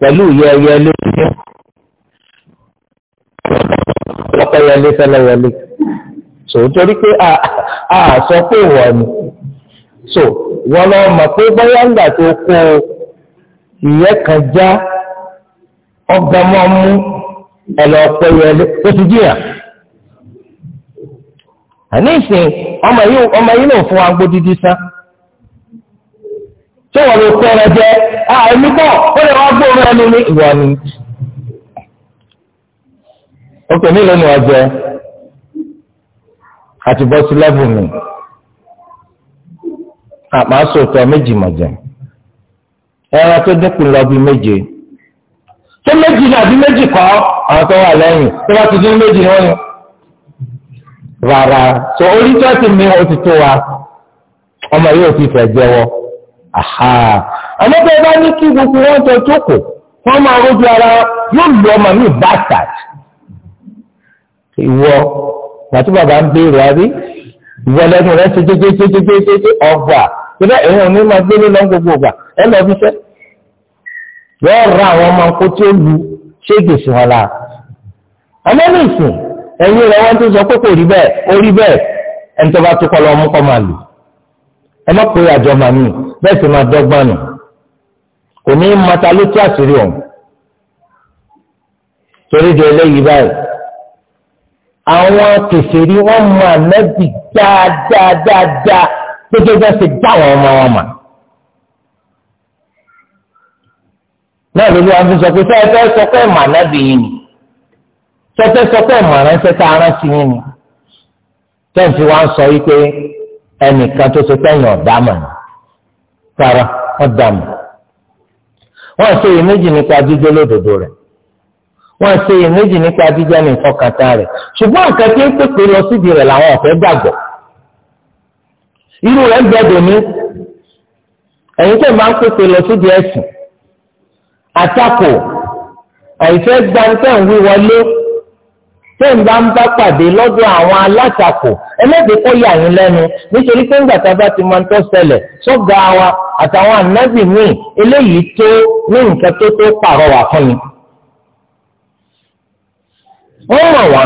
pẹ̀lú yẹyẹ lóṣù ọkọ̀ yẹlé yẹlé so torí pé a sọ pé ni so wọ́n lọ mọ̀ pé ńgbà tó kan já ọgbà mọ́ mú yẹlé ó ti jìyà àní ìsìn ọmọ yìí fún sá tí wọ́n lè jẹ́ àìní pọ̀ ó lè wá gbóòórùn ẹnu ní ìwọ ni. ókè nílò ni ọjẹ àti bọ́sí lẹ́bù mi àpá sòtọ́ méjì mọ̀jẹ̀ ẹran tó dínkù lọ bí méje tó méjì náà bí méjì kọ́ àwọn tó wà lẹ́yìn tó bá ti dín méjì ni wọ́n yàn rárá tó orí tó ti mi ó ti tó wa ọmọ yóò fi fẹ́ jẹ́wọ́. àmọ́ bí ẹ bá ní kí gbogbo wọn jọ jókòó wọn máa rójú ara yóò lu ọmọ mi bastard ìwọ gbàtú bàbá ń béèrè àbí ìwọ rẹ ṣe jẹjẹjẹjẹjẹjẹ ọgbà máa gbogbo ọgbà ẹ lọ ra àwọn ọmọ tí ó lu wọn la ní bẹ́ẹ̀ sì máa dọ́gbọ́n nù kò ní mata ló tó àṣírí ọ̀hún torí di eléyìí báyìí àwọn kèsèrí wọn mọ ànábì dáadáa dáadáa gbogbo bá ṣe dá àwọn ọmọ wọn mà náà lórí wọn fi sọ pé sọ́ọ́ fẹ́ sọ pé mà ànábì yìí ni sọ́ọ́ fẹ́ sọ pé mà ránṣẹ́ tá a rántí yìí ni tẹ́ǹtì wa ń sọ yìí pé ẹnìkan tó ṣe fẹ́yìn ọ̀dá mà ni sára wọn dààmú wọn ṣe iyèméjì nípa jíjẹ lódodo rẹ̀ wọn ṣe iyèméjì nípa jíjẹ ní ìfọkàntà rẹ̀ ṣùgbọ́n nǹkan tí ń pèpè lọ síbi rẹ̀ làwọn ọ̀fẹ́ gbàgbọ́ irú rẹ̀ gbẹdọ̀ ní ẹ̀yin tó máa ń pèpè lọ síbi ẹ̀sìn àtakò àìfẹ́ gbantẹ́ ń wí wọlé. tẹ́ ń bá pàdé lọ́dún àwọn alátakò ẹlẹ́dẹ̀ẹ́ kọ́ yà yín lẹ́nu nítorí pé ńgbà tá a bá ti máa ń tọ́ ṣẹlẹ̀ sọ́gà wa àtàwọn ànábì míì eléyìí tó ní nǹkan tó tó pàrọwà fún mi. wọ́n mọ̀ wá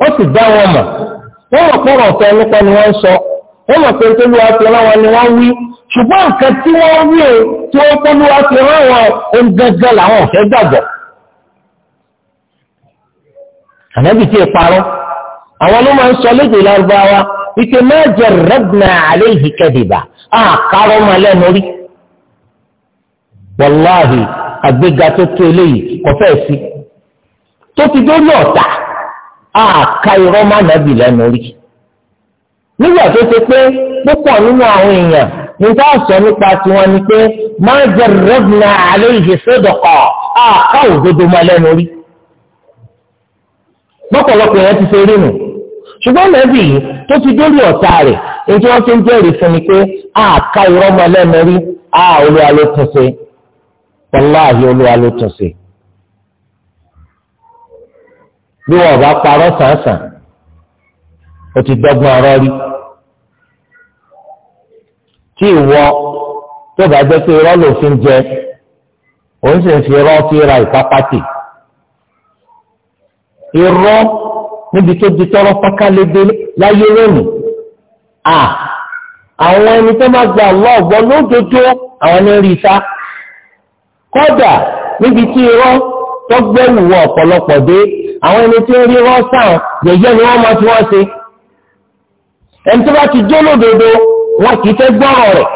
wọ́n sì dá wọn mọ̀ ni wọ́n ń sọ wọ́n mọ̀ pé tó fi ni wọ́n wí ṣùgbọ́n nǹkan tí wọ́n ànábì tí ì parọ́ àwọn ló máa ń sọ lédè lárúbáwá wípé má jẹ rẹ́gbìnà àlẹ́ yìí kẹ́dìbà á kárọ́ máa lẹ́nu rí wàláhì àgbéga tó tó eléyìí kò fẹ́ sí tó ti dé ní ọ̀tá á ká irọ́ má nàbì lẹ́nu rí nígbà tó ṣe pé púpọ̀ nínú àwọn èèyàn nígbà sọ nípa tiwọn ni pé má jẹ rẹ́gbìnà àlẹ́ yìí sódòkọ̀ òdodo máa lẹ́nu rí lọ́pọ̀lọpọ̀ yẹn ti ṣe rí nù ṣùgbọ́n lẹ́bí yìí tó ti dórí ọ̀tá rẹ̀ èyí tí wọ́n ti ń jẹ́rìí fún mi pé àká irọ́ mọ lẹ́nu rí a olúwa ló tún ṣe wàláhì olúwa ló tún ṣe. bí wọn bá parọ́ sàǹsàn o ti dọ́gbọ́n ọ̀rọ̀ rí tí ìwọ tó bá jẹ́ pé irọ́ ló fi ń jẹ òun sì ń fi irọ́ fi ra ìpápátì irọ́ níbi tó di tọrọ pákálẹ́gbẹ́ láyé lónìí à àwọn ẹni tó máa gba àwọn ọ̀gbọ́n lójoojó àwọn ní rí sá kódà níbi tí irọ́ tó gbẹ́wù wọ ọ̀pọ̀lọpọ̀ dé àwọn ẹni tí ń rí irọ́ sàn yẹ̀yẹ́ ni wọ́n máa fi wọ́n ṣe ẹni tó bá ti jó lódodo wọn kì í fẹ́ gbọ́rọ̀ rẹ̀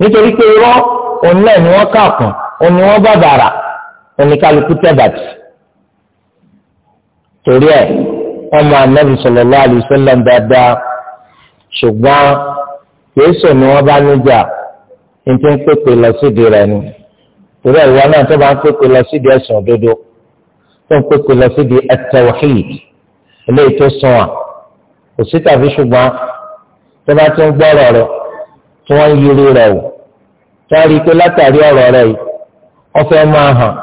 nítorí pé irọ́ òun náà ni wọ́n kà kún òun ni wọ́n bàbàrà òun ni kálukú tẹ̀ bàtì torí ẹ̀ wọ́n mọ anabi sallallahu alaihi wasallam dáadáa ṣùgbọ́n yéésù ni wọ́n bá níjà ní ti ń pèpè lọ sídìí rẹ̀ ni torí ẹ̀ wọ́n náà tó bá ń pèpè lọ sídìí ẹ̀sìn òdodo tó ń pèpè lọ sídìí at eléyìí tó sùn à kò sí tàbí ṣùgbọ́n tó bá ti ń gbọ́rọ̀ tí wọ́n ń yiri rẹ̀ wò tí wọ́n rí i pé látàrí ọ̀rọ̀ rẹ̀ yìí wọ́n fẹ́ máa hàn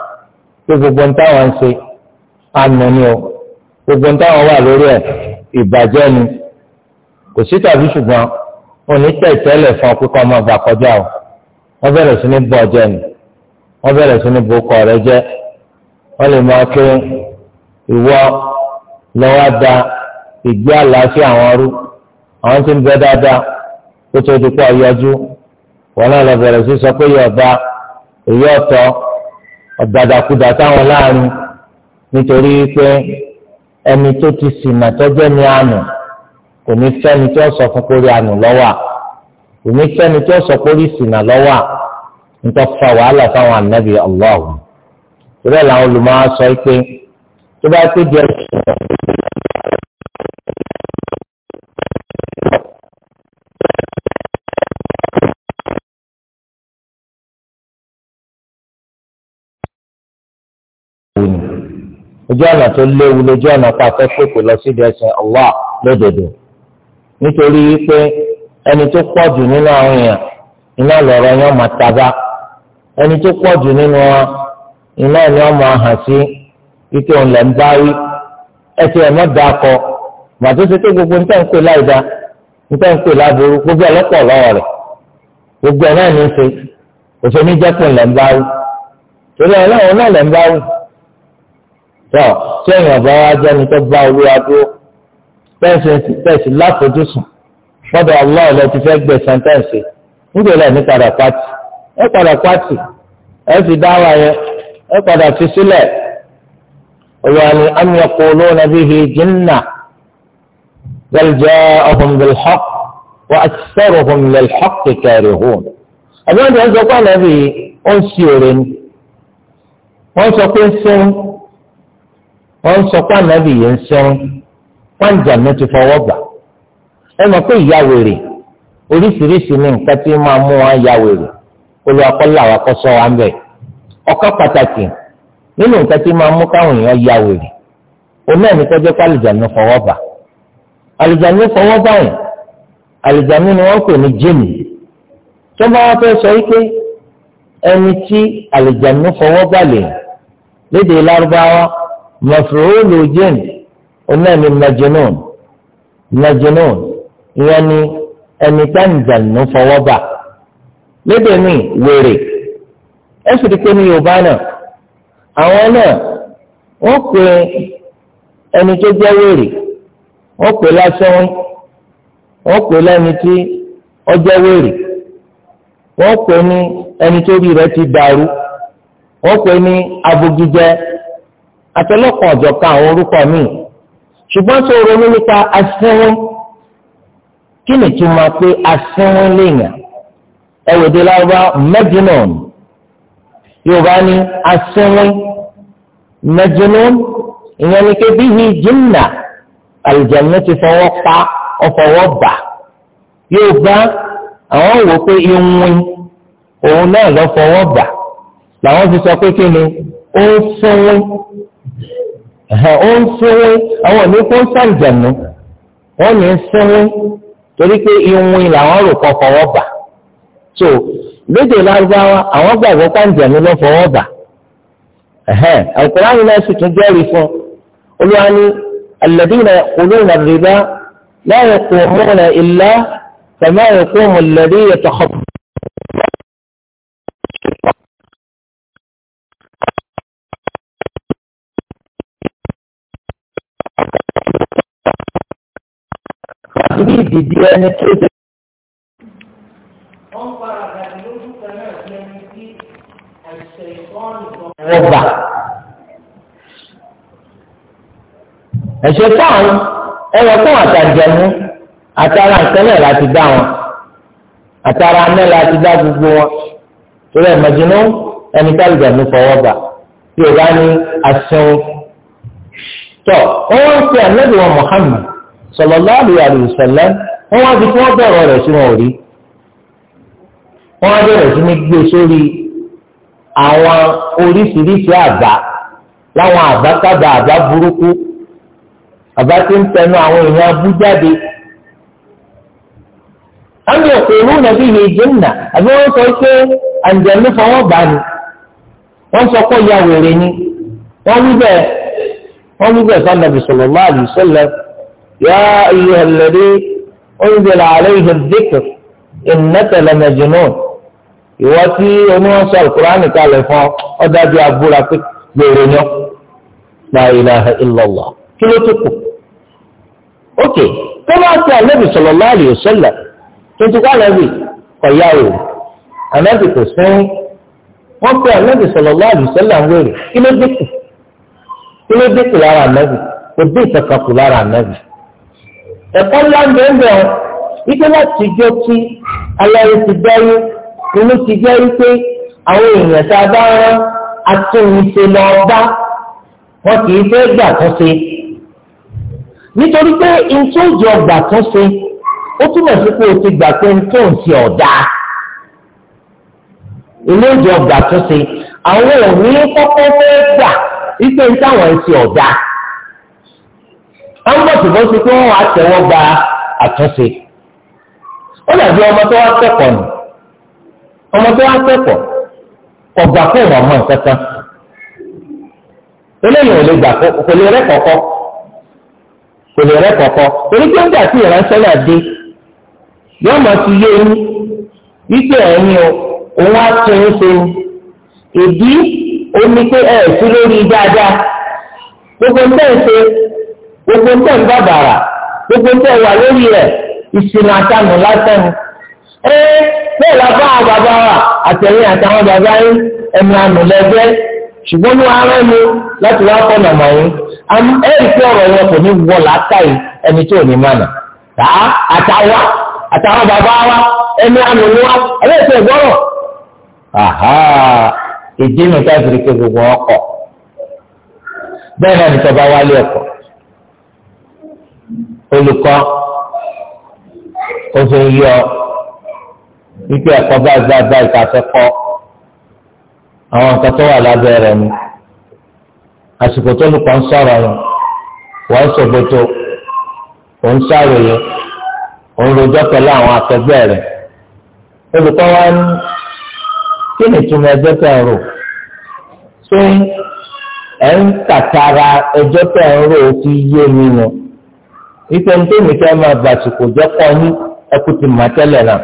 pé gbogbo ń táwọn ń ṣe àná ni o gbogbo ń táwọn wà lórí ẹ̀ ìbàjẹ́ ni kò sí tàbí ṣùgbọ́n òní tẹ̀tẹ́lẹ̀ fún ọ pípọ́ ọmọ ọgbà kọjá o wọ́n bẹ̀rẹ̀ sí ní bọ́ ni wọ́n bẹ̀rẹ̀ sí ní bokọ̀ rẹ jẹ́ wọ́n lè máa pé ìwọ lọ́wọ́ da ìgbé àlàáfíà àwọn rú àwọn tí ń bẹ dáadáa kó tó di pé ọyọjú wọn náà lọ bẹ̀rẹ̀ sí sọ pé yọ̀ọ̀ba èyí ọ̀tọ̀ ọ̀dàdàkudà táwọn láàrin nítorí pé ẹni tó ti sìnà tọ́jọ́ ní àná kò ní fẹ́ni tó sọ fún kórè àná lọ́wọ́ kò ní fẹ́ni tó sọ kórè sìnà lọ́wọ́ nítorí fa wàhálà fáwọn ànábì ọlọ́run ìrẹ́ làwọn olùmọ̀ sọ pé tó bá pé díẹ̀ ojú ọ̀nà tó léwu lójú ọ̀nà pa afẹ́pẹ́pẹ́ lọ sí ìdẹ́sẹ̀ ọ̀wà lódodo nítorí pé ẹni tó pọ̀ jù nínú àwọn èèyàn iná lọ̀rọ̀ yẹn máa taba ẹni tó pọ̀ jù nínú wọn iná ni wọ́n máa hàn sí ike òun lẹ̀ ń bá rí ẹsẹ̀ ẹ̀ da kọ màtó ṣe pé gbogbo níta ń pè láìda níta ń pè láburú gbogbo ọlọ́pọ̀ lọ́wọ́ rẹ̀ gbogbo ẹ̀ náà ní í ṣe òṣèlú jẹ́pọ̀ lẹ̀ ń bá rí torí ọlọ́run náà lẹ̀ ń bá rí tọ́ tí èèyàn bá wá jẹ́ni tó bá olúwa dúró tẹ̀sí láfojúsùn gbọ́dọ̀ aláwọ̀ lọ ti fẹ́ gbé sẹ́ńtẹ́ǹsì nígbèlè ní padà pátì ẹ padà pátì ẹ fi dáwà yẹn ẹ padà fi sílẹ̀ wàní am yaquluna bihi jinna bal ja'ahum bil haqq wa aktharuhum lil haqqi karihun. àbí wọ́n ti sọ pé ànábì ó ń ṣe òre ni wọ́n sọ pé ń sẹ́wọ́n wọ́n ń sọ pé ànábì yẹn ń sẹ́wọ́n pàǹjà mi ti fọwọ́ gbà ẹ mọ̀ pé ìyá wèrè oríṣiríṣi ní nǹkan tí máa mú wọn ya wèrè olùwàkọ́lá wa kọ́ sọ wa ń bẹ̀ ọ̀kan pàtàkì nínú nǹkan tí máa mú káwọn èèyàn ya wèrè oní ẹni tó jẹ́ pé àlùjáde fọwọ́ bà àlùjáde fọwọ́ báyìí àlùjáde ni wọ́n pè ní jẹ́mi tó bá wá fẹ́ sọ wípé ẹni tí àlùjáde fọwọ́ bà lè lédè lárúbáwá mọ̀fúrúlù jẹ́n onáni majanun majanun ìyẹn ni ẹni tá ń zànú fọwọ́ bà lédè ní wèrè ẹ sì rí pé ní yorùbá náà àwọn náà wọ́n pe ẹni tó jẹ́ wèrè wọ́n pe lásán wọ́n lẹ́ni tí ọjọ́ wèrè wọ́n pe ní ẹni tó rí rẹ ti dàrú wọ́n pe ní àtọlọ́kọ̀ ọ̀jọ̀ka àwọn orúkọ mi, ṣùgbọ́n tó ronú nípa asínwín kí ni tí máa pé asínwín léèyàn ẹ̀wẹ̀dẹ̀ láwùbá mẹ́jìnnọ́n yorùbá ní asínwín mẹ́jìnnọ́n ìyẹn ni kébí hi jìnnà àlùjànnú ti fọwọ́ pa ọ̀fọwọ́ bà yorùbá àwọn wò pé ìwìn òun náà lọ́ fọwọ́ bà làwọn fi sọ pé kí ni ó ń ó ń sínwé àwọn òní kó ń sàlùjẹ̀nu wọ́n ní ń sínwé torí pé ìwìn làwọn rò kọ́ fọwọ́ bà so lédè lárúbáwá àwọn gbàgbọ́ pàǹjẹ̀nu ló fọwọ́ bà àìkúránì náà sì tún jẹ́rìí fún olúwa ní alladhina yaquluna ar-riba la yaqumuna illa kama yaqumu alladhi yatakhab odidi ẹni tó ṣe. wọ́n gbà ẹ̀ṣẹ̀ táwọn ẹ̀rọ fún àtàjẹmú àtàrà nkẹ́lẹ̀ láti dá wọn àtàrà anẹ́ láti dá gbogbo wọn torí ẹ̀ ẹni tá àlùjẹ̀mú fọwọ́ gbà tí o bá ní aṣẹ́wó. tọ́ wọ́n ń pe ànábì wọn Muhammad. sallallahu alaihi wasallam wọ́n wá fi kí wọ́n bẹ̀rọ̀ rẹ sí wọn ò rí wọ́n wá bẹ̀rẹ̀ sí ní gbé sórí àwọn oríṣiríṣi àbá láwọn àbákàbà àbá burúkú àbá tí ń tẹnu àwọn èèyàn abújáde àmì òkèèrú nàbí yìí jìnnà àbí wọ́n sọ pé àǹjẹ̀lú fọwọ́ ni wọ́n sọ pé يا أيها الذي أنزل عليه الذكر إنك لمجنون يوتي ونوصى القرآن قال هذا دي أبو لك لا إله إلا الله كله تقو أوكي كما أتى نبي صلى الله عليه وسلم كنت قال النبي فياو أنا بك سنة وقت النبي صلى الله عليه وسلم قال كله ذكر كله ذكر على وبيتك أقول على النبي ẹ̀kọ́ ńlá ń bẹ ń bẹ ọ wípé láti jọ kí aláyé ti dáyé inú ti jẹ́ wípé àwọn èèyàn tá a bá rán atúnyìnṣe lọ bá wọn kì í fẹ́ gbà tó ṣe nítorí pé ìtúnjẹ ọgbà tó ṣe ó túmọ̀ sí pé o ti gbà pé ntòǹṣe ọ̀dà ilé ìjọba tó ṣe àwọn òní kọ́kọ́ fẹ́ gbà wípé ń táwọn ẹ̀ ṣe ọ̀dà wọ́n bọ̀ ṣùgbọ́n sí pé wọ́n wá tẹ̀wọ́ gba àtúnṣe ó dàbí ọmọ tó wá kẹ́kọ̀ọ́ nù ọmọ tó wá kẹ́kọ̀ọ́ kò gbà kó wọn mọ nǹkan kan eléyìí ò lè gbà kó lè rẹ́ kọ̀kọ́ kò lè rẹ́ kọ̀kọ́ torí pé nígbà tí ìránṣẹ́ náà dé yóò máa ti yé yín wípé ẹ̀yin o òun á tún yín ṣe ni ìdí omi pé ẹ̀ sí lórí dáadáa gbogbo ń bẹ́ẹ̀ ṣe gbogbo tẹ̀ ń bàbàrà gbogbo tẹ̀ wà lórí rẹ̀ ìṣìnà àtànù lásán ẹ bẹ́ẹ̀ la bá àwọn bàbá wa àtẹ̀yìn àtàwọn bàbá yín ẹ̀mí àmì lẹ́gbẹ́ ṣùgbọ́n ní ara ẹni láti wá fọ́ nàmọ́ yín ọ̀rọ̀ yẹn kò ní wọ ẹni ní mànà tá àtàwọn bàbá ni wa gbọ́rọ̀. ìdí olùkọ́ ó fi ń yọ wípé ẹ̀kọ́ báyìí báyìí báyìí ká fẹ́ kọ́ àwọn nǹkan tó wà lábẹ́ rẹ̀ ni àsìkò tó lùkọ́ ń sọ̀rọ̀ yẹn wọ́n ṣògbótó òun ṣàròyé òun rojọ́ pẹ̀lú àwọn akẹgbẹ́ rẹ̀ olùkọ́ wa ní kí ni ìtumọ̀ ẹgbẹ́ tẹ̀ ń rò ṣé ẹ̀ ń tàtàrà ẹjọ́ tẹ̀ ń rò ó fi yé mi yẹn ìpè ní tèmi fẹ́ máa bàtìkò jẹ́ kọ́ ní na,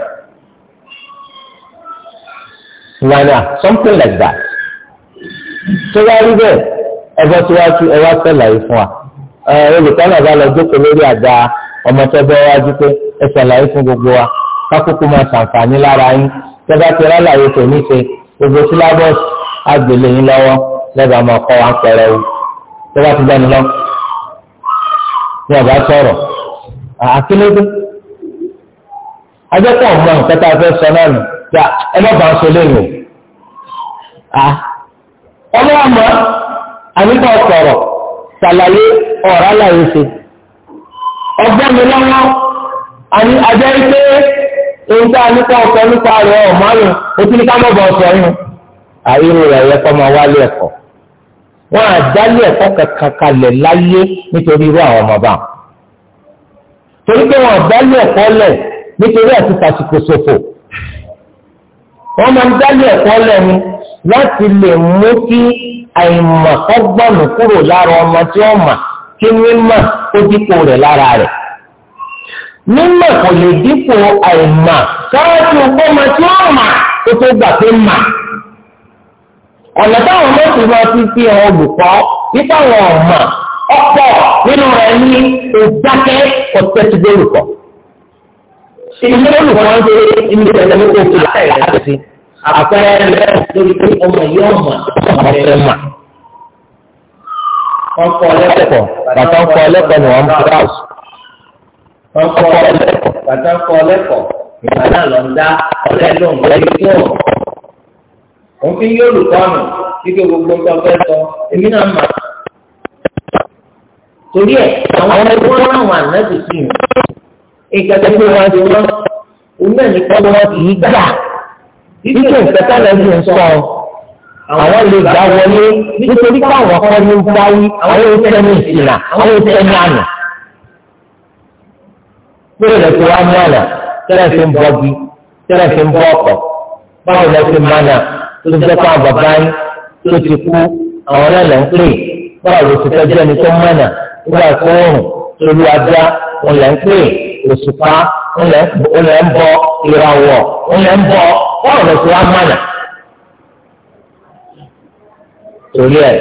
ti mà something like that. Tó bá rí bẹ́ẹ̀ ẹgbẹ́ tí wàá tú ẹ wá sẹ̀láyé fún wa. Olùkọ́ náà bá lọ jókòó lórí àga ọmọ tó bẹ́ wájú pé ẹ sẹ̀láyé fún gbogbo wa. Kákókó máa ṣàǹfààní lára yín. Tẹ́lá ti rálàyé kò ní ṣe gbogbo sílábọ̀sì àgbèlè yín lọ́wọ́ lẹ́bàá máa kọ́ wa ń pẹ̀rẹ̀ o. Tẹ́lá ti dání lọ́wọ́ ni ọba sọ̀rọ̀ àkílódé ajẹ́pọ̀ ọ̀gbọ́n nǹkan tá a fẹ́ sọ náà nù yà ẹ má bàa sọ lẹ́yìn o ọmọ ọmọ àníkà sọ̀rọ̀ ṣàlàyé ọ̀rá láyé ṣe ọgbọ́n mi lọ́wọ́ àní ajẹ́ ike ohun tá a nípa ọ̀sán nípa rẹ̀ ọ̀mọ́ àrùn òtún ní ká má bàa sọ yín àìrò rẹ̀ yẹ kọ́ máa wálé ẹ̀kọ́ wọn àdálé ẹ̀kọ́ kankan kalẹ̀ láyé nítorí irú àwọn ọmọ bá torí pé wọn àdálé ẹ̀kọ́ lẹ̀ nítorí àti tàṣìkò ṣòfò wọn máa ń dálé ẹ̀kọ́ lẹ̀ ni láti lè mú kí àìmọ̀kọ́gbọ̀nù kúrò lára ọmọ tí wọ́n mà kí mímọ̀ ó dípò rẹ̀ lára rẹ̀ mímọ̀ kò lè dípò àìmọ̀ káàkiri ọmọ tí wọ́n mà kó tó gbà pé mà ọ̀nà táwọn mọ́tò máa fi fi hàn olùkọ́ nípa àwọn ọ̀mà ọ̀pọ̀ nínú rẹ̀ ní òdákẹ́ ọ̀tẹ́ ti dé olùkọ́. ìdílé olùkọ́ ń gbé ilé ẹ̀rọ ní oṣù láì láti sí àpẹẹrẹ rẹ̀ lórí pé ọmọ yìí ọmọ ọmọ rẹ̀ mà. wọ́n kọ́ lẹ́kọ̀ọ́ bàtà ń kọ́ lẹ́kọ̀ọ́ ni wọ́n ń fura ọ̀sùn. wọ́n kọ́ bàtà ń kọ́ lẹ́kọ̀ọ́ dá ọ̀rẹ́ lóhùn lẹ́yìn tó òun fi yí olùkọ́ àmọ̀ wípé gbogbo nǹkan fẹ́ sọ èmi náà mà. torí ẹ̀ àwọn ẹgbẹ́ láwọn ànájú sí mi ìgbàgbọ́ pé wọ́n ti wọ́n òun náà ní kọ́ wọ́n kì í gbà. títí ìfẹ́tà lẹ́sìn ń sọ àwọn lè gbà wọlé nítorí káwọn ọkọ ní báyìí àwọn yóò tẹ́ ní ìsìnà àwọn yóò tẹ́ ní àná. bẹ́ẹ̀ lẹ́sìn wá ní àná tẹ́lẹ̀ fi ń bọ́gi tẹ́lẹ̀ fi ń bọ́ ọkọ̀ báwo lẹ́sìn máa náà tó jẹ́ pé àwọn bàbá yín tó ti kú àwọn náà lẹ́ ń pè báwo ló ti tọ́jú ẹni tó mọ̀nà nígbà tó rùn lórí ajá wọn lẹ́ ń pè òṣùpá wọn lẹ́ ń bọ ìràwọ̀ wọn lẹ́ ń bọ báwo ló ti wá mọ̀nà. torí ẹ̀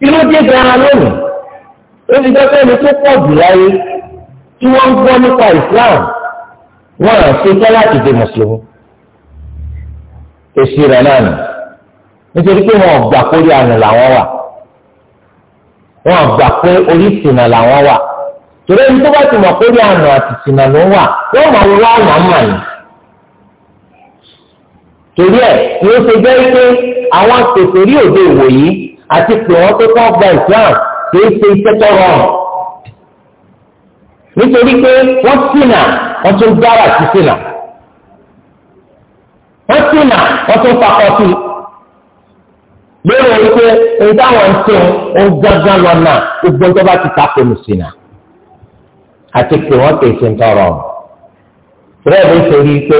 kí ló dé gan-an lónìí ó ti jẹ́ pé ẹni tó pọ̀ jù láyé tí wọ́n ń gbọ́ nípa Islam wọ́n á ṣe ìdè mùsùlùmí èsì rẹ̀ náà nù nítorí pé wọn ò gbà pé orí àná làwọn wà wọn ò gbà pé orí ìsìnà làwọn wà torí ẹni tó bá ti mọ̀ pé orí àná àti ìsìnà ló wà wọn máa wọ àná mà ní. torí ẹ ni ó ṣe jẹ́ pé àwọn kèfèrí òde ìwòyí àti pé wọ́n tó kọ́ gba Islam kìí ṣe iṣẹ́ tó rọrùn nítorí pé wọ́n ṣìnà wọ́n tún dára sí ṣìnà wọ́n sì nà wọ́n tún pakọ́ sí i lérò wípé èyí táwọn ń sè ń gángan lọ́nà gbogbo tó bá ti tako nù sí nà àti pé wọ́n kì í ṣe ń tọrọ rẹ̀ ló ṣe rí i pé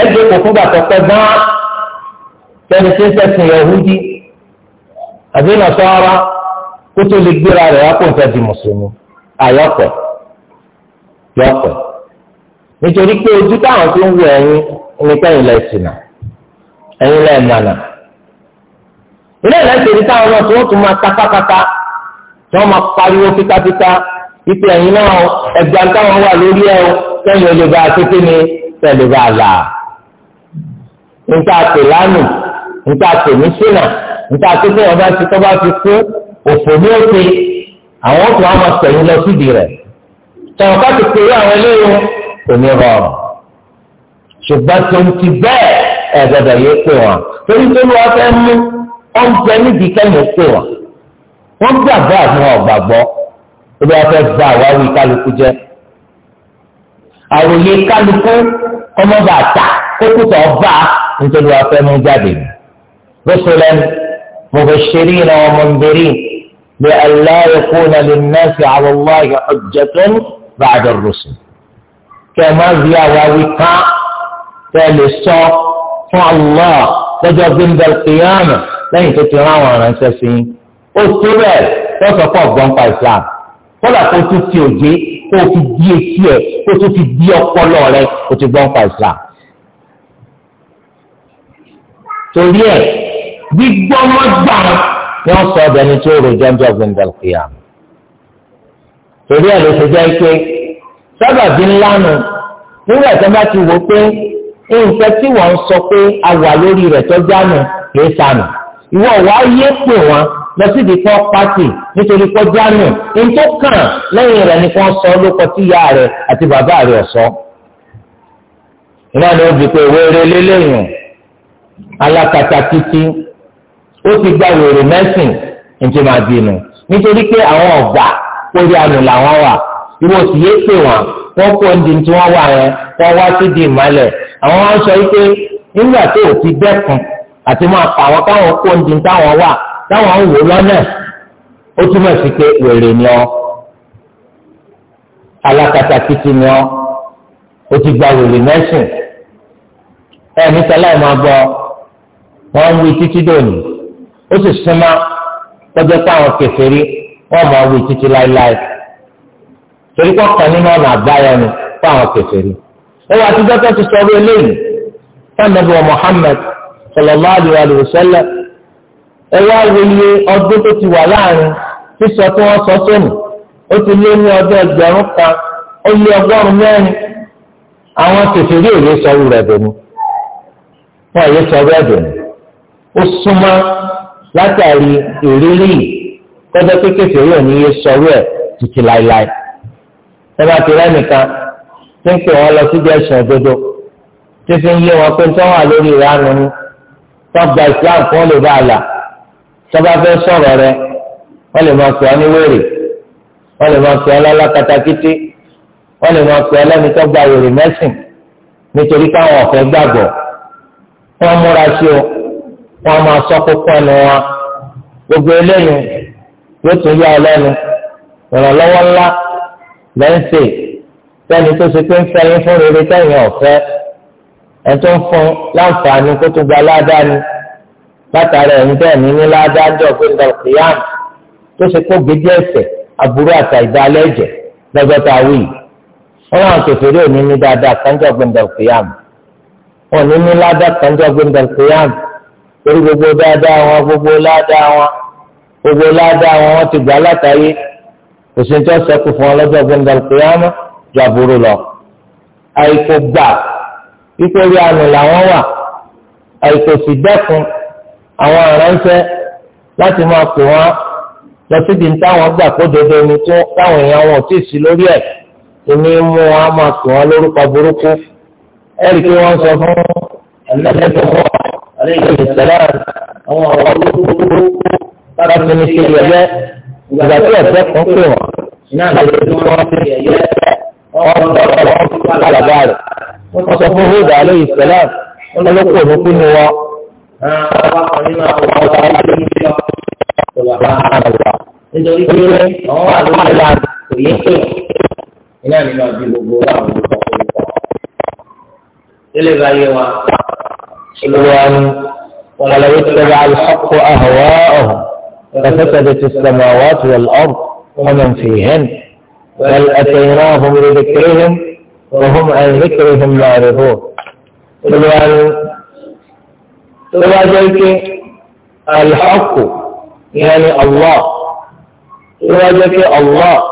ẹgbẹ́ kò fún bàtọ́ pẹ́ gán tẹni tí ń sẹ́sìn Yahudi àbí Nasara kó tó lè gbéra rẹ̀ wá kó n fẹ́ di mùsùlùmí àyọ̀pẹ̀ yọ̀pẹ̀ nítorí pé ojú táwọn tó ń wọ ẹ̀yìn oníkẹ́yìn lẹ sìnà ẹ̀yin lẹ mànà ilé ìlẹ́sìn ìdí táwọn náà tí wọ́n tún máa ta pátápátá tí wọ́n máa pariwo fítafíta títí ẹ̀yin náà ẹ̀gbà táwọn wà lórí ẹ̀ sẹ́yìn olùbá akéké ni sẹ́yìn bá là níta pè lánàá níta pè ní sínà níta akéké wọn bá ti tọ́ bá ti kú òfò ní òkè àwọn tó wọn máa sẹ́yìn lọ síbi rẹ̀ tọ̀wọ́n ti pèrè àwọn eléyìí kò rọrùn ṣùgbọ́n tó ń ti bẹ́ẹ̀ ẹ̀ gbọ́dọ̀ yé pé wọn torí tó lọ́wọ́ fẹ́ mú oúnjẹ níbi kẹ́yìn pé wọn wọ́n gbàgbọ́ àwọn ọ̀gbàgbọ́ tó lọ́wọ́ fẹ́ gba àwáwí kálukú jẹ́ àròyé kálukú kọ́mọ́bà ta kókútà ọba nítorí wọn fẹ́ mú jáde rusulan mubashirina wa mundirin bi an la yakuna linnasi ala Allahi hujjatun ba'da ar-rusul kẹ́ẹ̀ má rí àwáwí kan tẹ́ lè sọ fún Allah lọ́jọ́ gbẹ̀ngàn kìyàmù lẹ́yìn tó ti rán àwọn aránṣẹ́ sí i ó tó bẹ́ẹ̀ lọ́sọ̀ pọ̀ gbọ́n pa Islam kọ́lá kó tún ti òye kó o fi di etí ẹ̀ kó o tún ti di ọpọlọ rẹ kó o ti gbọ́n pa Islam. torí ẹ̀ gbígbọ́ wọn gbà ni wọ́n sọ ọdẹ ní tí ó rojọ́ ń jọ gbẹ̀ngàn kìyàmù torí ẹ̀ ló ṣe jẹ́ pé sábàbí ńlá nu nígbà tí wọ́n bá ti wò pé nǹkan tí wọ́n ń sọ pé a wà lórí rẹ̀ tó jánu kìí sànù ìwọ wàá yé pè wọn lọ sí ibi kan pàtì nítorí kó jánu ní tó kàn lẹ́yìn rẹ̀ ni wọ́n sọ lóko tí ìyá rẹ̀ àti bàbá rẹ̀ ọ̀sọ́. iná ni ó di pé wéré lélẹ́yìn alákatá títí ó ti gba wèrè mẹ́sìn ní ti máa bínú nítorí pé àwọn ọ̀gbà kórìí àná làwọn wà. ìwọ sì yé pè wọn wọn kó ẹni tí wọn wà yẹn wọn wá sí di ìmọ̀lẹ̀ àwọn wọn sọ wípé nígbà tó o ti dẹ́kun àti máa pa àwọn káwọn kó ẹni táwọn wà táwọn wò lọ́nà ó túmọ̀ sí pé wèrè ọ o ti gba wèrè ẹ bọ wọn wí títí dòní ó sì súnmọ́ táwọn wọn máa wí títí láéláé. torí pé ọkàn nínú ọ̀nà àbáyọ ni fún àwọn kèfèrí. ẹ wà àtijọ́ tó ti sọ ọdún eléyìí sanabu Muhammad sallallahu alayhi wa sallam ẹ wá wọlé ọdún tó ti wà láàrin sísọ tí wọ́n sọ sóni ó ti lé ní ọdún ẹgbẹ̀rún kan ó lé ọgọ́rùn mẹ́rin àwọn kèfèrí ò lè sọ ọrú rẹ̀ dòní àyè sọ ọrú ẹ̀ ó súnmọ́ látàrí ìrírí kọjá pé kèfèrí ò ní yé sọ ọrú ẹ̀ títí tẹ́lá ti rẹ́ nìkan tí ń pè wọ́n lọ síbi ẹ̀sìn òdodo tí fi ń yé wọn pé tọ́wọ́ àlórí rẹ̀ ànú ni tọ́gbà islam fún ọ lè bá àlà tọ́ba fẹ́ sọ̀rọ̀ rẹ wọ́n lè máa sọ ọ́ ní wèrè wọ́n lè máa sọ ọ́ lọ́lá katakítí wọ́n lè máa sọ ọ́ lẹ́ni tọ́gbà wèrè mẹ́sìn nítorí káwọn ọ̀fẹ́ gbàgbọ́ wọ́n múra sí o wọ́n máa sọ kókó ẹnu wọn gbogbo eléyìí yóò tún yá ọ lẹ́nu ìrànlọ́wọ́ ńlá lẹ́ńsì sẹ́ni tó ṣe pé ń fẹ́ yín fún rere sẹ́yìn ọ̀fẹ́ ẹni tó ń fún láǹfààní kó tó gba ládàá ni látara ẹ̀yìn bẹ́ẹ̀ ni ní ládàá jọ pé ń dọ̀kì yáàmù tó ṣe kó gbé díẹ̀ ẹ̀sẹ̀ aburú àtà ìdálẹ́ ẹ̀jẹ̀ lọ́gọ́ta wí. wọ́n náà kẹfẹ́rẹ́ òní ní dáadáa kánjọ́ pé ń dọ̀kì yáàmù wọn ní ní ládàá kánjọ́ pé ń dọ̀kì yáàmù torí gbogbo dáadáa wọn gbogbo ládàá wọn gbogbo ládàá wọn ti gbà látàyé òṣèǹtì ọ̀sẹ̀kù fún ọlọ́jọ́ gbẹ̀ngàn kìyàmù ju àbúrò lọ. àìkò gbà nítorí àmì làwọn wà àìkò sì dẹ́kun àwọn aránṣẹ́ láti máa pè wọ́n lọ síbi táwọn gbà kó dodo ni tó táwọn èèyàn wọn ò tí ì sí lórí ẹ̀ èmi mú wọn máa pè wọ́n lórúkọ burúkú ẹ̀rí kí wọ́n sọ fún ẹ̀lẹ́dẹ̀ẹ́dẹ́gbọ́n àlẹ́ ìgbésẹ̀ àwọn ọ̀rọ̀ burúkú bára ìgbà tí ọ̀sẹ̀ kan pè wọ́n náà lè fi wọ́n fi ọ̀sọ̀ kàlàbà rẹ̀ wọ́n sọ fún Húdà lóyè sẹ́lá ọlọ́pọ̀ òun kú ni wọ́n. nítorí pé àwọn àlùfáà kò yé ولو اتبع الحق أهواءهم ففسدت السماوات والأرض ومن فيهن بل أتيناهم لذكرهم وهم عن ذكرهم معرضون ذلك الحق يعني الله ذلك الله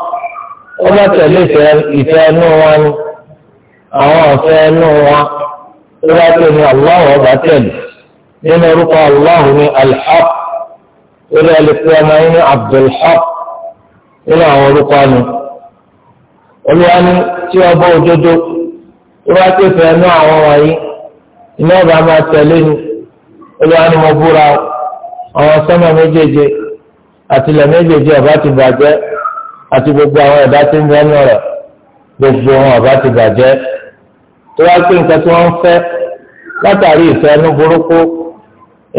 وما تلسل إتانوا أوافانوا تواجهك الله وبتل لما رقى الله من الحق orí ẹlẹ́pẹ́ ọmọ yín ní abdulhaq nínú àwọn orúkọ ni olúwa ní tí ọba òdodo ìwà tó fẹ́ nú àwọn wọ̀nyí iná ọba máa tẹ̀lé ni olúwa ní mo búra àwọn sọ́mọ méjèèjì àtìlẹ̀ méjèèjì ọba ti bàjẹ́ àti gbogbo àwọn ẹ̀dá tí ń bẹ́ẹ̀ nù gbogbo wọn ọba ti bàjẹ́ tó wá pé nǹkan tí wọ́n ń fẹ́ látàrí ìfẹ́ nú burúkú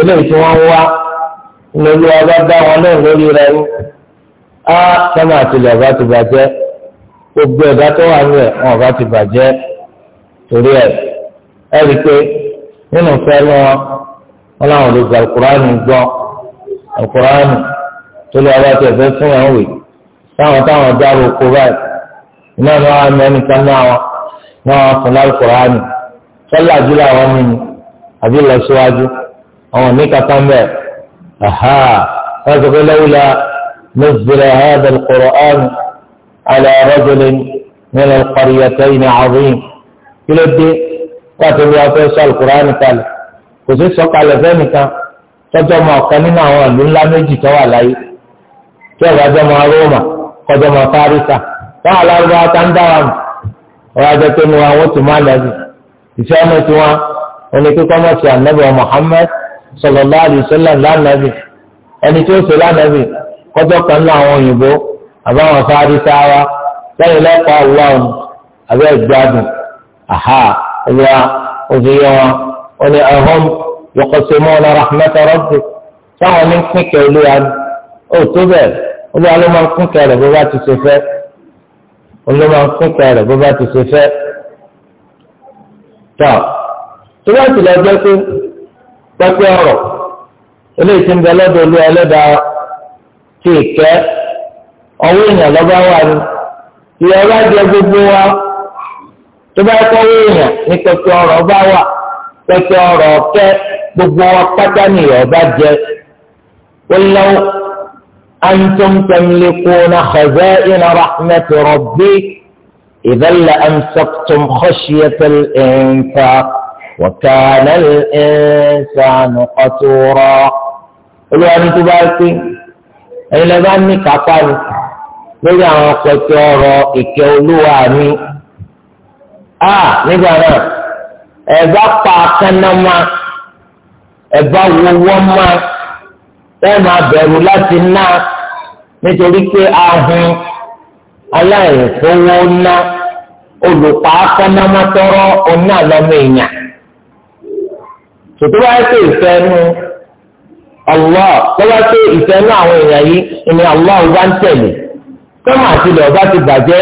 eléyìí tí wọ́n ń wá lórí ọba dá wọn náà lórí rẹ ní. á sọ́mà àtìlẹ̀ ọba ti bàjẹ́ gbogbo ẹ̀dá tó wà ní ẹ̀ wọn ọba ti bàjẹ́ torí ẹ̀ ẹ̀ rí i pé nínú fẹ́ẹ́ ní wọn wọn làwọn lè gba alukurani gbọ́ alukurani tó lè ọba tó ẹ̀fẹ́ fún wọn wè táwọn táwọn dárò kó báyìí iná ni wọn á mẹ́ni kan náà wọn náà wọn fún alukurani sọ́lá jùlọ àwọn mímu àbí lọ síwájú àwọn oníkàtà mẹ́rin. أها هذا لولا نزل هذا القرآن على رجل من القريتين عظيم إلى الدين واتم يعطيس القرآن قال وزيس وقال ذلك تجمع قنين هو لا نجي توالي كيف جمع روما وجمع فارسة وعلى أربعة عندهم وهذا كنوا وتمالذي إسامة ونكتمت النبي محمد sallallahu alaihi wasallam lánàbì ẹni tí ó ṣe lánàbì kọjọ́ kan náà àwọn òyìnbó àbáwọn fáárí sáwá lẹ́yìn lẹ́kọ̀ọ́ àwọn abẹ́ ìgbádùn àhà olùwà òṣèyẹ wọn ó ní ahum yuqsimuna rahmata rabbik táwọn ní pínkẹ́ olúwa ó tó bẹ́ẹ̀ olúwa ló máa ń pínkẹ́ rẹ̀ bó bá ti ṣe fẹ́ olúwa máa ń pínkẹ́ rẹ̀ bó bá ti ṣe fẹ́ tó bá tilẹ̀ jẹ́ gbagbẹ ọ̀rọ̀ eléyìí ti ń bẹ lọ́dọ̀ olú ẹlẹ́dàá tí ìkẹ́ ọwọ́ èèyàn lọ́ba wà ní ìyá ọba jẹ gbogbo wa tó bá kọ́ ọwọ́ èèyàn ní pẹ́pẹ́ ọ̀rọ̀ ọba wà pẹ́pẹ́ ọ̀rọ̀ ọ̀kẹ́ gbogbo wa pátá ní ìyá ọba jẹ wọ́lọ́wọ́ antum tamlikuna khaza'ina rahmati rabbi idhan la amsaktum khashyata al-infaq. وكان الإنسان قتورا olúwa ní tó bá pé ẹ̀yin lè bá ní kápá ni lórí àwọn pẹ̀tẹ́ ọ̀rọ̀ ìkẹ́ olúwa mi a nígbà náà ẹ bá pa akánná ma ẹ bá wọwọ́ ma ẹ máa bẹ̀rù láti ná nítorí pé ahun aláìfowó ná olùpàákánná mọ́tọ́rọ́ oní àlọ́mọ èèyàn tòtò bá ṣe ìfẹ́ nu Allah tó bá ṣe ìfẹ́ nu àwọn èèyàn yìí ìní Allah ọba ń tẹ̀lé sọ́mà àti ilẹ̀ ọba ti bàjẹ́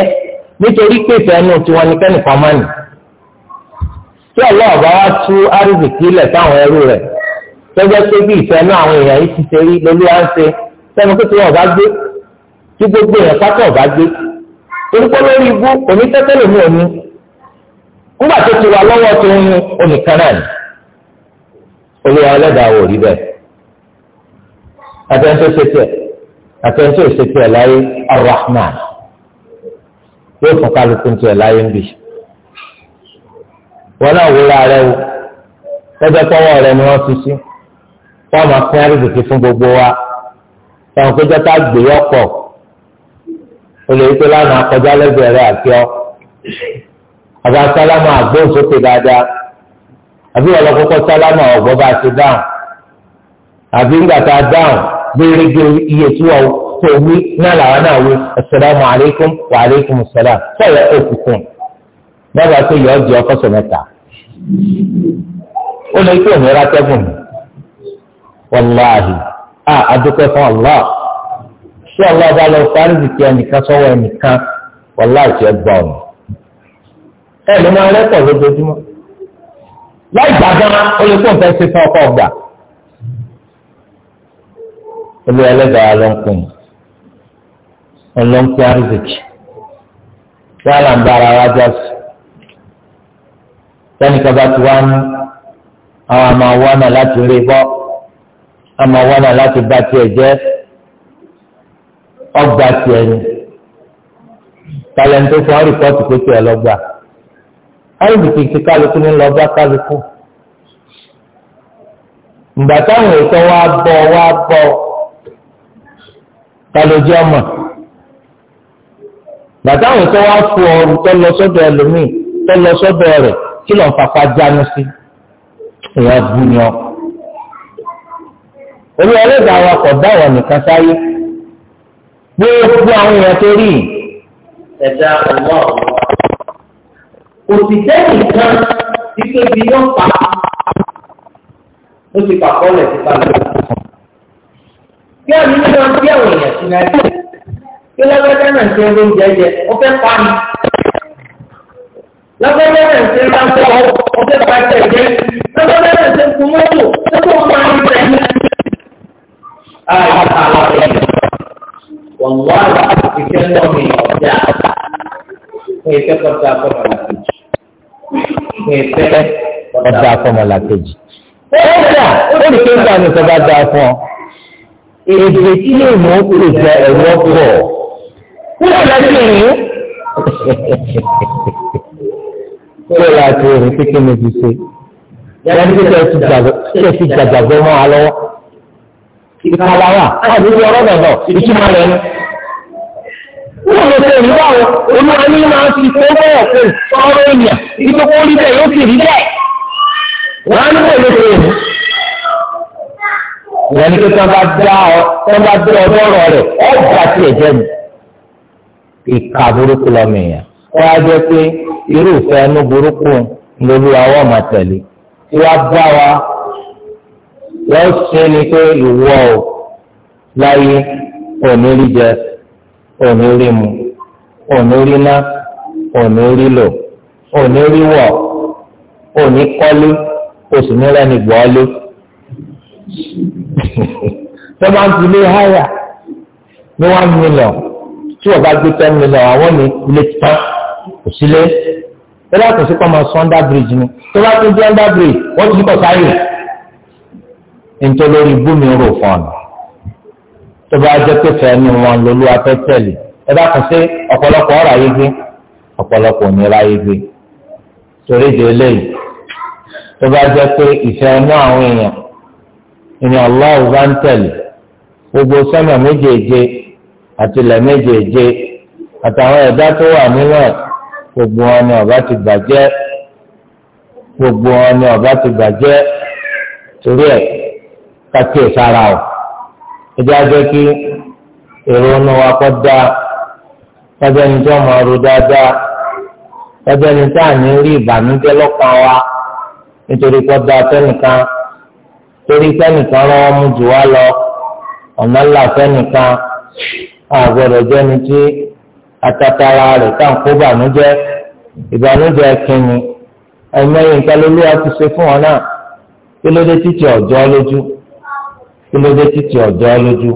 nítorí pé ìfẹ́ nu tiwọn ni kẹ́nìkan máa nì tí Allah ọba wá tú árùbìkì ilẹ̀ táwọn ẹrú rẹ̀ tọ́jọ́ pé bí ìfẹ́ nu àwọn èèyàn yìí ti ṣe rí lóluwà ń ṣe sẹ́nu pé tiwọn ọba gbé tí gbogbo èèyàn pátá ọba gbé orúkọ lórí ibú onítẹ́tẹ́lẹ̀ mi ò ní nígbà tó ti wà lọ́wọ́ tó ń ní onìkan náà ni olúwa ẹlẹ́dàá wò rí bẹ́ẹ̀ àtẹ̀ntò ṣètìẹ̀ àtẹ̀ntò ṣètìẹ̀ láyé arahman yóò fún kálukú ní tiẹ̀ láyé ń bì wọn náà wúra rẹ o lọ́jọ́ pọ́wọ́ rẹ ni wọ́n fi sí wọ́n máa pín àrídìkì fún gbogbo wa táwọn péjọ tá gbé ọ̀pọ̀ olèyí tó lánàá kọjá lẹ́gbẹ̀ẹ́ rẹ àti ọ àbá sálámà àgbóhùnsókè dáadáa àbí wọn lọ kọ́kọ́ sálámà ọ̀gbọ́n bá ti dáhùn àbí ńgbà tá a dáhùn béèrè gbé iye tí wọn tó wí náà làwọn náà wí asalaamu alaykum wa alaykum salaam sọ̀rọ̀ òkùnkùn dábàá pé yọ̀ọ́ di ọkọ̀ sọ̀mẹ́ta ó lè kí òmìnira tẹ́gùn mi wàláhì a adúpẹ́ fún ọlá ṣé ọlá bá lọ sáré ìdíkẹ́ ẹnìkan sọ́wọ́ ẹnìkan wàláhì tí ẹ gbọ́ ọ̀nà ẹ̀ ló máa rẹ́pọ̀ lójoojúmọ́ láì gbàgbọ́n ó lè kó nǹkan ṣe fún ọkọ ọgbà olú ẹlẹ́dàá ló ń kún ọlọ́nkún àrísìkì wàhálà ń bá ara wa já sí sẹ́nìkan bá ti wá ní àwọn àmọ́ wánà láti rí bọ́ àmọ́ wánà láti bá tiẹ̀ jẹ́ ọgbà tiẹ̀ ni tàlẹ́ńtò fún ọ́ rìpọ́ọ̀tì pé tiẹ̀ lọ́gbà àìsìkì ti kálukú ní lọ bá kálukú ìgbà táwọn èso wa bọ wa bọ kálójú ọmọ ìgbà táwọn èso wa fún ọrùn tó lọ sọ́dọ̀ ẹlòmíì tó lọ sọ́dọ̀ rẹ̀ kí lọ fapá jánu sí ìyá gbúnyọ olú ẹlẹ́dàá wa kò dá wọn nìkan sáyé bí ó fún àwọn èèyàn tó rí ẹ̀dá ọmọ ọ̀hún òtítẹ́ nìkan tí pé bí yóò pa ó ti pàkọ́ lẹ̀ sí balẹ̀. kí àmì nínú ọtí àwọn èèyàn sí náà jẹ́ kí lọ́gbẹ́dẹ́ náà ṣe ń jẹ jẹ ó fẹ́ pa mi. lọ́gbẹ́dẹ́ náà ṣe ń bá sọ ó fẹ́ pa jẹ jẹ lọ́gbẹ́dẹ́ náà ṣe ń kun mọ́tò ó tó máa ń tẹ̀ mí. àìsàn àwọn èèyàn wọ̀n wá láti fi kẹ́ńdọ̀ mi ọ̀dà. Oye kẹ́kọ̀ọ́ tó a kọ́ ọ̀dà afọmọlá kejì. ọ̀dà ó ní kí n gbà ní sọ́ba dá fún ọ. èdè tí lè mú pèsè ẹ̀rọ pọ̀. kúrò láti rìn. kúrò láti rìn kékeré mi ti ṣe. yàrá ní kíkẹ́ ẹ ti gbàgbọ́ mọ́ wa lọ́wọ́. ìkàlà wa àti ìwé ọ̀rọ̀ bẹ̀rẹ̀ ìtumọ̀ rẹ̀ ni. Nígbà tó ṣe ìlú àwọn olúwa ní máa fi fowó ọ̀pọ̀ sọ̀rọ̀ ènìyàn ibi tó kó rí bẹ́ẹ̀ yóò sì rí bẹ́ẹ̀. Wọ́n á ní kò lè ṣe èlú. Ìyẹn ni pé tí wọ́n bá dá ọ tí wọ́n bá dá ọ lọ́rọ̀ rẹ̀ ọ́ bá tiẹ̀ jẹ́ mi. Ìka burúkú lọ́mọ èèyàn. Wọ́n á jẹ́ pé irú ìfẹ́ burúkú lórí àwọn ọmọ tẹ̀lé. Tí wọ́n bá wa wọ́n ṣe ni pé ìwọ ò láyé òní òní rí mu òní rí ná òní rí lò òní rí wọ̀ òní kọ́lé oṣù nílẹ̀ ní gbọ́ọ́lé tó bá ń filé háyà ní one million tí o bá gbé ten million àwọn ní ilé tán kò sílé tó bá kò sí kọ́ máa sọ under bridge ni tó bá tún dé under bridge wọ́n ti kọ̀ sáyè nítorí bùnmi rò fún ọ̀nà tó bá jẹ́ pé fẹ́ẹ́nu wọn lolú afẹ́ tẹ̀lé ẹ bá kàn sí ọ̀pọ̀lọpọ̀ ọ̀rọ̀ ayé gbé ọ̀pọ̀lọpọ̀ òmìnira ayé gbé torí di eléyìí tó bá jẹ́ pé ìfẹ́ẹ́nu àwọn èèyàn ìní ọlọ́run bá ń tẹ̀lé gbogbo sọ́nà méjèèje àtìlẹ̀ méjèèje àtàwọn ẹ̀dá tó wà nínú ẹ̀ gbogbo wọn ni ọba ti bàjẹ́ gbogbo wọn ni ọba ti bàjẹ́ torí ẹ̀ ká kíyèsára o ìjà jẹ́ kí èrò ọ̀nà wa kọ́ dáa lọ́jọ́ ní tí wọ́n máa ro dáadáa lọ́jọ́ ní tí àní rí ìbànújẹ́ lọ́kàn wa nítorí kọ́ dáa fẹ́nìkan torí fẹ́nìkan lọ́wọ́ mú jù wá lọ ọ̀nà ńlá fẹ́nìkan àgbọ̀dọ̀ jẹ́ ní tí atatara rẹ̀ tá bànújẹ́ ìbànújẹ́ kínni ẹ̀mẹ́yìn ìtàlólúwa ti ṣe fún ọ náà kí ló dé títí ọ̀jọ́ lójú kí ló dé títí ọ̀dọ́ lójú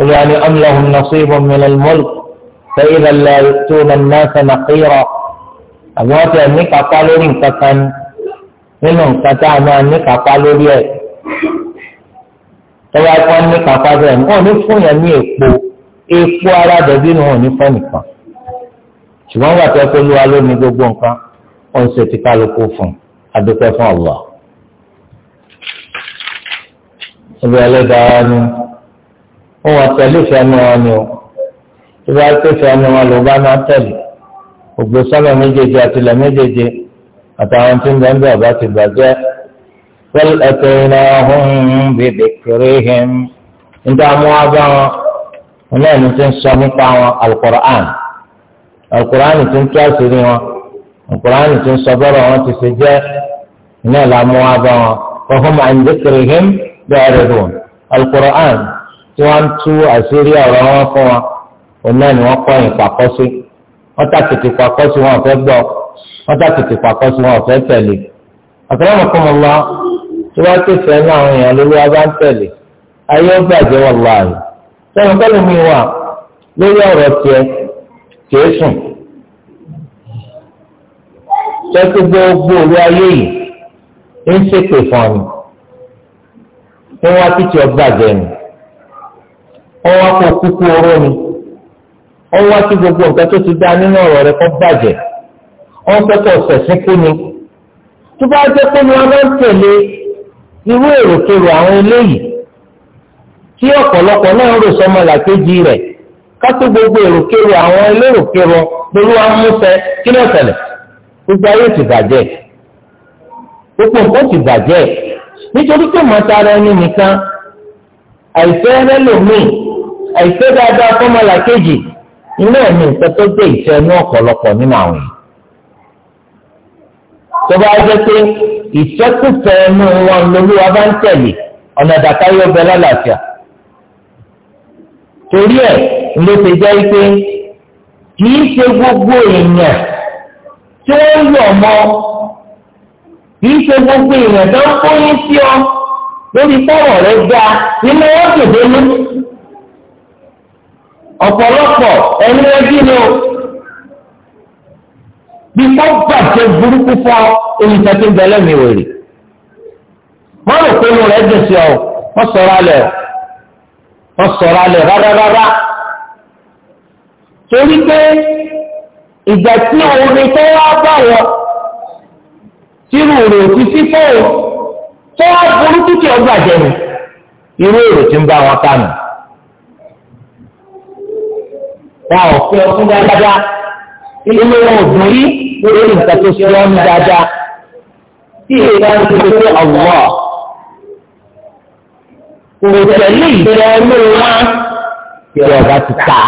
olùwà ni amúláhùn nàṣẹ́ ìbọn mìíràn mọ́lù fẹ́ẹ́rẹ́ lẹ́yìn tó nà náà nàkírọ̀ àwọn ọ̀tẹ̀ ní kápá lórí nǹkan kan nínú nǹkan tá a máa ní kápá lórí ẹ̀ tọ́wọ́ ẹ̀kọ́ ní kápá bẹ́ẹ̀ wọ́n ní fún yẹn ní èpo èpo ara dẹ̀bí ni wọ́n ní fún nìkan ṣùgbọ́n wà tó ẹ̀kọ́ lóra lónìí gbogbo nǹkan ó ń ṣe ti kálukú fún adúpẹ́ fún Allah. olú ẹlẹ́dàá ni ó wà tẹ̀lé ìfẹ́nu wọn ni wọ́n tí wọ́n á pè fẹ́nu wọn ló ìfẹ́ ẹnu ògbó sọ́nà méjèèjì àtìlẹ̀ méjèèjì àtàwọn tí ń bẹ́ẹ̀ bẹ́ẹ̀ bá ìfẹ́ bàjẹ́ wọ́n ẹ̀tẹ̀yìnà bèbè kéré hẹ́m níta mú wá bá wọn wọn náà ní ti n iná ọ̀hún bèbè kiri hìm níta mú wa bá wọn wọn náà ní ti baje won eteyina ohun bebe kiri him nita nípa wọn alukur'an alukur'an ti ń tó àṣírí wọn alukur'an ti ń sọ bọ́rọ̀ wọn ti ṣe jẹ́ náà mú wá bá wọn kọ́kọ́ máa ń dé kiri hìm. bẹ́ẹ̀rẹ̀dùn alukur'an tí wọ́n ń tú àṣírí ọ̀rọ̀ wọn fún wọn òun náà ni wọ́n kọ́ yìn pàkọ́ sí wọ́n tàkìtì pàkọ́ sí wọn ọ̀fẹ́ gbọ́ wọ́n tàkìtì pàkọ́ sí wọn ọ̀fẹ́ tẹ̀lé àtàlámọ̀kọ́mọ́lá tí wọ́n ti fẹ́ ní àwọn èèyàn lórí ọba ń tẹ̀lé ayé ó gbàjẹ́ wọn láàyè sẹ́yìn kọ́lù mi wà lórí ọ̀rọ̀ tiẹ̀ kìí sùn sẹ́kí gbogbo olú ayé yìí ń ṣèpè fún ọ wọ́n wá títí ọgbà jẹ ni wọ́n wá kó kúkú oró ni wọ́n wá sí gbogbo nǹkan tó ti dá nínú ọ̀rọ̀ rẹ kó bàjẹ́ wọ́n pẹ́tọ̀ ṣẹ̀sìn kú ni tó bá jẹ́ pé ni wọ́n máa ń tẹ̀lé irú èròkèrò àwọn eléyìí tí ọ̀pọ̀lọpọ̀ náà ń rò sọmọ làkejì rẹ̀ kátó gbogbo èròkèrò àwọn eléròkèrò pẹ̀lú amúṣẹ kí ló ṣẹlẹ̀ gbogbo ayé ti bàjẹ́ gbogbo nǹkan ti bàjẹ́ nítorí pé mọ̀tara ẹni nìkan àìfẹ́ ẹlẹ́lòmíì àìfẹ́ dáadáa fọ́mọlà kejì iná ẹ̀mí nǹkan tó gbé ìfẹ́ ní ọ̀pọ̀lọpọ̀ nínú àwọn yìí. tó bá jẹ́ pé ìfẹ́kùfẹ́ ẹnu wọn lolúwa bá ń tẹ̀lé ọ̀nà ìdàkáyọ̀ ọbẹ̀ lálàáfíà. torí ẹ̀ ló ti jẹ́ pé kì í ṣe gbogbo èèyàn tí wọ́n ń yọ̀ mọ́ kì í ṣe gbogbo èèyàn tó ń kóyún sí ọ lórí pọ́wọ́ rẹ gbá nínú wọn kò dénú. ọ̀pọ̀lọpọ̀ ẹni ẹbí ni o bí kọ́gbà ṣe burúkú fọ olùsọ tó ń bẹ lẹ́mìí wèrè. wọ́n rò pé inú rẹ̀ dùn sí ọ wọ́n sọ̀rọ̀ alẹ̀ wọ́n sọ̀rọ̀ alẹ̀ rárárárá. torí pé ìgbà tí òun ni tó wá bá wọn tírú rè ti sí o tó wá burú títí ọgbà jẹnu irú èrò tí ń bá wọn kánú. wọn ò fi ọtún dáadáa ilé wọn ò dùn rí lórí nǹkan tó ṣe wọn ní dáadáa tí èyí bá ń ṣe pé ọ̀wọ́ kò tẹ̀lé ìfẹ́ olóòwá tí ọba ti ta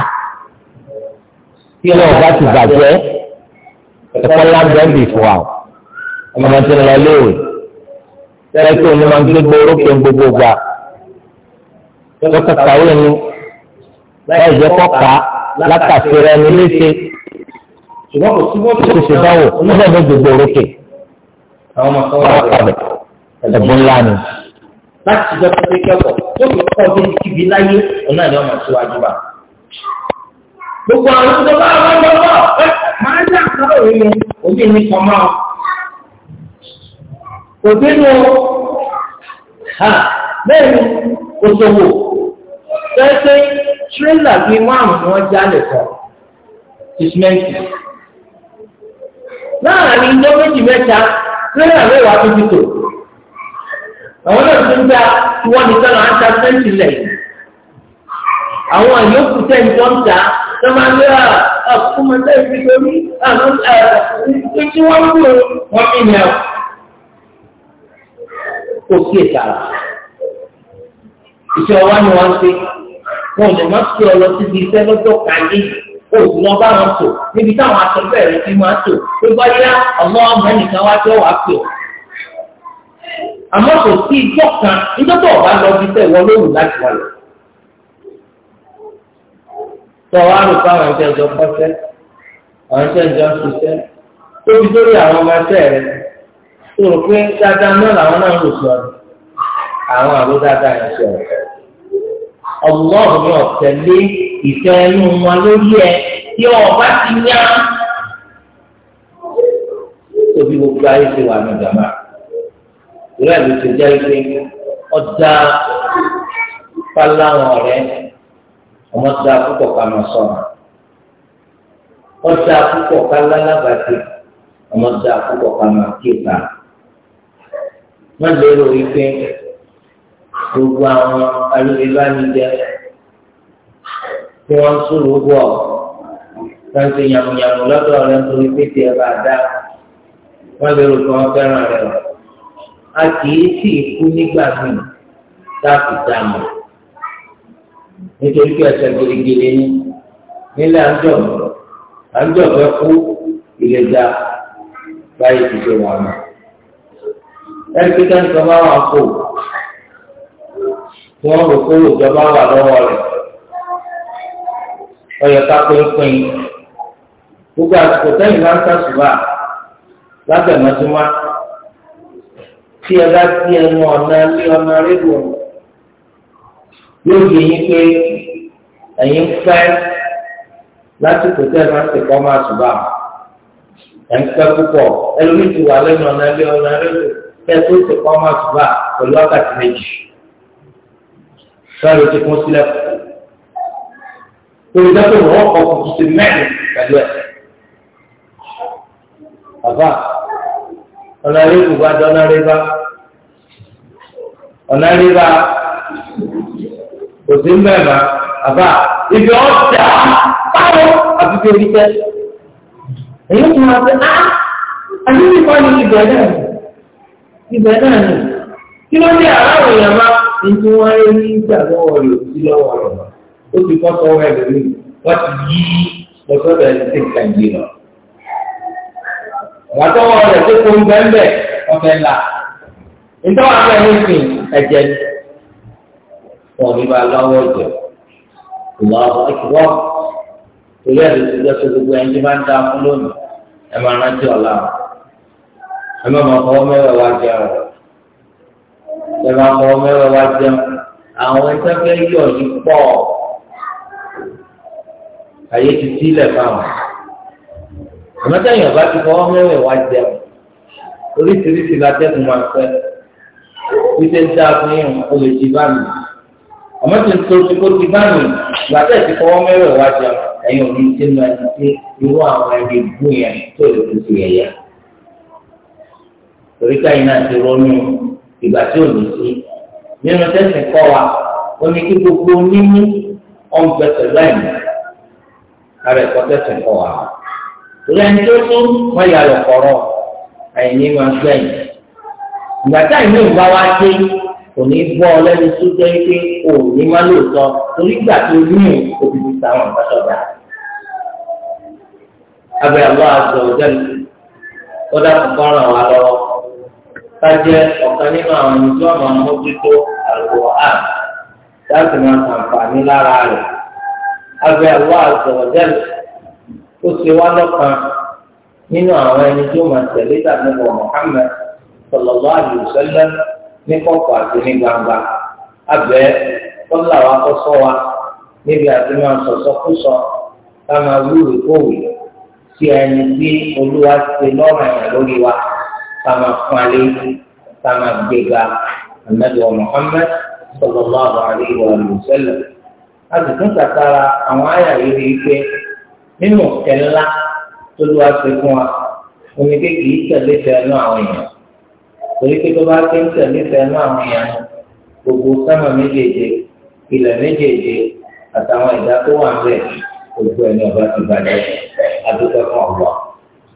tí ọba ti bàjẹ́ ẹ̀kọ́ lábẹ́ ń bì fún wa o ọmọdé ti ń lọ léèwé tẹ́lẹ̀ kí òní máa ń gbé gbórókè gbogbo gbà tó kàkàwé ni láì jẹ́ kọ́ka látàkìrẹ́ ni léṣe ṣùgbọ́n kò sí báwò níbẹ̀ ló gbogbo orókè àwọn ọmọ kan wà kàbẹ̀ ẹ̀bùn ńlá ni. láti jọ pé kẹ́kọ̀ọ́ tó fi kọ́ bí kíbi láyé ọ̀nà ni ọmọ síwájú bá. gbogbo àwọn ìjọba àwọn ọmọ náà máa ń dà káwé yẹn òbí mi kàn máa. kò sínú ha bẹ́ẹ̀ òṣòwò pẹ́ẹ́sẹ́ tírélà bíi márùn-ún ni wọ́n jálè kọ́ láàrin ọjọ́ mẹ́ta tírélà mẹ́wàá tó ti àwọn náà tó ń gba tiwọn nìkan náà á ta sẹ́ǹtì lẹ̀ àwọn àyókù tẹ̀sí tó ta tó máa ń lé lórí àwọn tí wọ́n ń lò wọ́n fi ní kó sí ìtara iṣẹ́ ọwọ́ ni wọ́n ṣe wọn ò lè má sí ọ lọ síbi iṣẹ́ lọ́jọ́ kàyé òògùn wọn bá wọn tò níbi táwọn akẹgbẹ́ rẹ ti máa tò pé bọ́yá ọmọ ọmọ nìkan wá tí ó wàá pè ọ́ àmọ́ kò sí ìjọ kan nítorí ọba lọ bí sẹ́ wọ́n lóhùn láti wà lọ. sọ wá rò pé àwọn ẹgbẹ́ ìjọ pọ́sẹ́ àwọn ẹgbẹ́ ìjọ tóbi àwọn ọmọ ẹgbẹ́ rẹ tó o pé dáadáa náà làwọn náà lò sọ àwọn àrò dáadáa yẹn sọ ọlọ́run náà tẹ̀lé ìfẹ́ ẹnu wọn lórí ẹ tí ọba ti yá tóbi gbogbo ayé ti wà ní ìjàmbá ìrẹ́ ìlú ti jẹ́ ike ọjà fáláwọn ọ̀rẹ́ ọmọ da púpọ̀ ká sọ̀rọ̀ ọjà púpọ̀ ká lálàbàtì ọmọ da púpọ̀ ká máa wọ́n lérò wípé gbogbo àwọn alóbìbánijẹ tí wọ́n ń sòrò wọ̀ wọ́n ti yàmùyàmù lọ́dọ̀ rẹ̀ nítorí pé tiẹ̀ bá dá wọ́n lérò pé wọ́n fẹ́ràn rẹ̀ wọ̀ a kì í sì kú nígbà míì láti dààmú nítorí pé ẹsẹ̀ gèrègèrè ni nílẹ̀ àjọ àjọ fẹ́ kú ìlẹ̀dá báyìí ti ṣe wà náà. ẹbí ká ìjọba wà kó wọn rò pé ìjọba wà lọ́wọ́ rẹ̀ ọyọ ká pínpín gbogbo àsìkò sẹ́yìn máa ń sàṣùbà lábẹ̀mọ́túmá tí ẹ bá tí ẹnu ọ̀nà ilé ọmọ rédíò yóò yẹ yín pé ẹ̀yin fẹ́ lásìkò sẹ́yìn máa ń sèkọ́ máa ẹ̀ ń fẹ́ púpọ̀ ti wà lẹ́nu ọ̀nà ọmọ kẹtó ti kọ́ máa tùbà pẹ̀lú wákàtí méjì sọ́ọ̀rọ̀ ti kún sílẹ̀ torí dọ́tò wọ́n kọ́ kùtù sí mẹ́rin pẹ̀lú ẹ̀ bàbá ọ̀nàrẹ́bù bá dọ́nàrẹ́bà ọ̀nàrẹ́bà kò sí mẹ́rin bàbá ibi ọ̀sẹ̀ báwo àti bí orí tẹ́ èyí tó máa fẹ́ á àyè nípa ni ibẹ̀ náà ibẹ̀ náà ni kí ló dé aláwọ̀ èèyàn bá ní tí wọ́n rí ní ìgbà lọ́wọ́ rẹ̀ sí lọ́wọ́ rẹ̀ ó ti kọ́ sọ́wọ́ ẹ̀ lórí wọ́n ti yí lọ́sọ́dọ̀ ẹ̀ ti kàn yé lọ. àtọwọ́ rẹ̀ tó kó ń bẹ́ńbẹ́ ọ̀fẹ́ là ìtọ́wọ́ abẹ́ ní ìsìn ẹ̀jẹ̀ ni wọ́n ní bá lọ́wọ́ jẹ ìlọ́wọ́ ìwọ́ torí ẹ̀ ló ti má máa fọwọ́ mẹ́wàá wá jẹun ẹ máa fọwọ́ mẹ́wàá wá jẹun àwọn ẹ̀sán fẹ́ yọ̀ ní pọ̀ ayé ti sílẹ̀ fáwọn àmọ́tẹ́yìn ọ̀bá ti fọwọ́ mẹ́wàá wá jẹun oríṣiríṣi la tẹ́kùn máa fẹ́ wíṣẹ́ ń dáa fún yín o lè ti bá mi àmọ́ tí n tó ti kó ti bá mi ìgbà tẹ̀ ti fọwọ́ wá jẹun ẹ̀yin ò ní sínú ẹni irú àwọn ẹni gbú tó lè fi ti yẹ̀yẹ́ torí káyìn náà ti ronú ìgbà tí ò ní sí nínú tẹsán kọ wa ó ní kí gbogbo níní ọ̀nbẹ pẹ̀lú àìní ara ẹ̀kọ́ tẹsán kọ wa torí ẹni tó tún wọ́n yà lọ kọ̀rọ̀ àìní máa gbẹ̀yìn ìgbà tí àìní ìgbà wa dé kò ní bọ́ ọ lẹ́nu tó jẹ́ pé o ní má lóòótọ́ torí ìgbà tó ní òbí ti sàwọn nǹkan sọ̀dà abẹ́ àwọn àgbẹ̀ òjẹ́ lọ́dà kọ̀ọ̀kan ràn wá lọ́wọ́ kájẹ́ ọ̀kan nínú àwọn ẹni tí wọ́n máa mójútó àlùkò àn láti máa ṣàǹfààní lára rẹ̀. abẹ́ àlọ́ àzọ̀rọ̀dẹ́lẹ̀ ó ṣe wá lọ́kàn nínú àwọn ẹni tí ó máa tẹ̀lé ìdánilọ̀ Muhammad sọlọ́lá àdìsẹ́lẹ̀ ní kọ̀kọ̀ àti ní gbangba. abẹ́ kọ́lá wa kọ́ sọ́ wa níbi àti máa sọ̀sọ́kúsọ ká máa wúrò kówì sí ẹni tí olúwa ti lọ́ràn yẹn lórí wa kama fúnalé kama gbéga anabi wa muhammed sallallahu alayhi wa sallam láti tún kàtàrà àwọn àyà yìí rí i pé nínú kẹlá tó lù wá sí fún wa omi pé kì í tẹ̀lé fẹ́ẹ́nu àwọn èèyàn torí pé tó bá ti ń tẹ̀lé fẹ́ẹ́nu àwọn èèyàn gbogbo sámà méjèèjì ilẹ̀ méjèèjì àtàwọn ìdá tó wà ń bẹ̀ gbogbo ẹni ọba ti bàjẹ́ adúgbò fún ọ̀gbọ́n.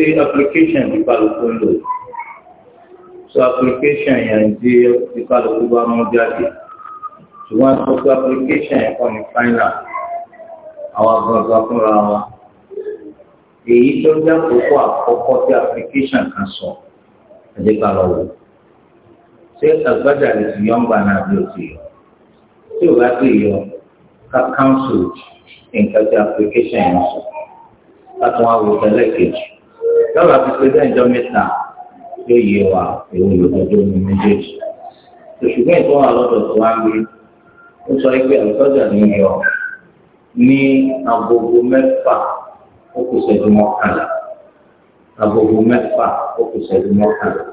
sí application bí kálukú ń lò so application yẹn di bí kálukú bá mú jáde ṣùgbọ́n tó tó application yẹn kọ́ ní final àwọn agbọ̀ngàn fúnra wọn èyí tó jẹ́ àkókò àkọ́kọ́ tí application kan sọ ẹ̀dẹ́ ká lọ wò ṣé àgbàjà lè ti yọ ń gbà náà bí o ti yọ tí o bá ti yọ ká council nǹkan tí application yẹn sọ láti wọn àwòrán lẹ́ẹ̀kejì lọ́wọ́ àti pé bẹ́ẹ̀ jọ mẹ́ta yóò yé wa èwo lòdòdó ní méjèèjì. òṣùgbọ́n ìtọ́ wà lọ́dọ̀ tó wá gbé ó sọ pé àlùfáàjà ní yọ ní agogo mẹ́fà ó kù ṣẹ́jú mọ́kànlá agogo mẹ́fà ó kù ṣẹ́jú mọ́kànlá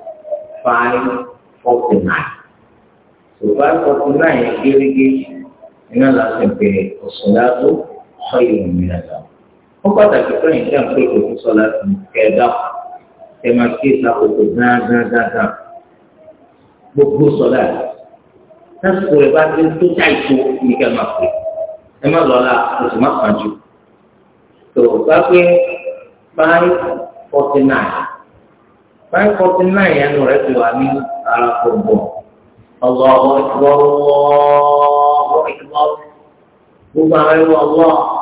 five forty nine so five forty nine yẹn gẹ́gẹ́ iná láti pè ọ̀sán látó sọ́yìn òmìnira náà ó pàtàkì pé ìṣe àpò ìkòkò sọlá tì kẹdà ẹ máa ké ìsàkókò dáadáa gbogbo sọlá lásìkò rẹ bá ti tó dá ìtò ní kẹ máa pè ẹ má lọ́la oṣù má kàn jù tó bá pé five forty nine five forty nine yẹn nù rẹ ti wà ní ara gbogbo ọlọ́wọ́ ìwọ́ ọlọ́wọ́ gbogbo àwọn ìwọ́ ọlọ́wọ́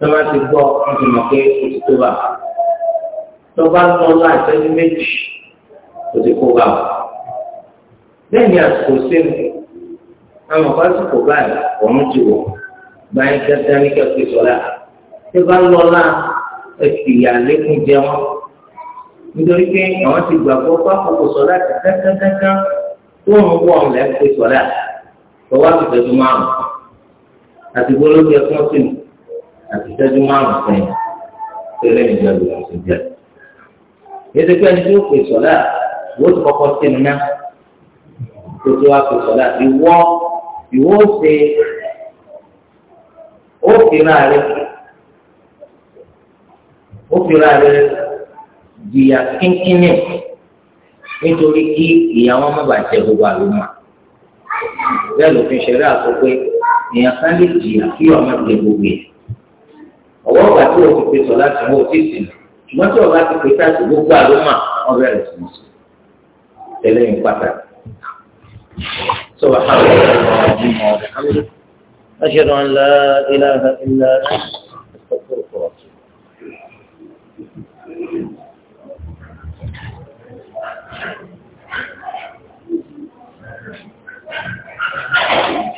tó bá ti gbọ́ wọ́n ti mọ̀ pé o ti tó bá tó bá ń lọ láìsẹ́jú méjì o ti kó bá o. lẹ́yìn àsìkò sẹ́nu àwọn pásítọ̀ báyìí ọ̀run ti wọ̀ báyìí dáadáa ní kẹ́kẹ́ sọ́lá tó bá ń lọ lá ẹ̀sìn ìyàlẹ́kùn jẹun nítorí pé àwọn ti gbàgbọ́ pápákọ̀ sọ́lá kankankankan tó ń wọ̀ ọ̀lẹ́ pé sọ́lá tó wá fi tẹ̀sùn márùn-ún àti gbólóhùn ẹ̀kọ́ sínú àti ìṣẹ́jú márùn-ún sẹ́yìn tẹ́lẹ̀ ìjọ ló ń sèjẹ́. Ètò pé ẹni tí ó pè sọ́lá wọ́n ti kọ́kọ́ sínú náà tó tó wá pè sọ́lá ìwọ ìwọ ó ṣe ó fira rẹ̀ ó fira rẹ̀ jìyà kínkínní nítorí kí ìyàwó má bàa jẹ gbogbo àlùmọ́ bẹ́ẹ̀ ló fi ṣẹlẹ̀ àkọ́kọ́ èèyàn jìyà kí ọmọ jẹ gbogbo yẹn ọwọ́ ọgbà tí o ti pè sọ láti mú òtí sí ṣùgbọ́n tí ọba ti pè táàtì gbogbo àlómà ọbẹ̀ rẹ̀ sì sùn tẹ́lẹ̀ ń pàtàkì. sọba àwọn ọmọ ọmọ ọmọ ọmọ أشهد أن لا إله إلا أنت أستغفرك وأتوب Thank you.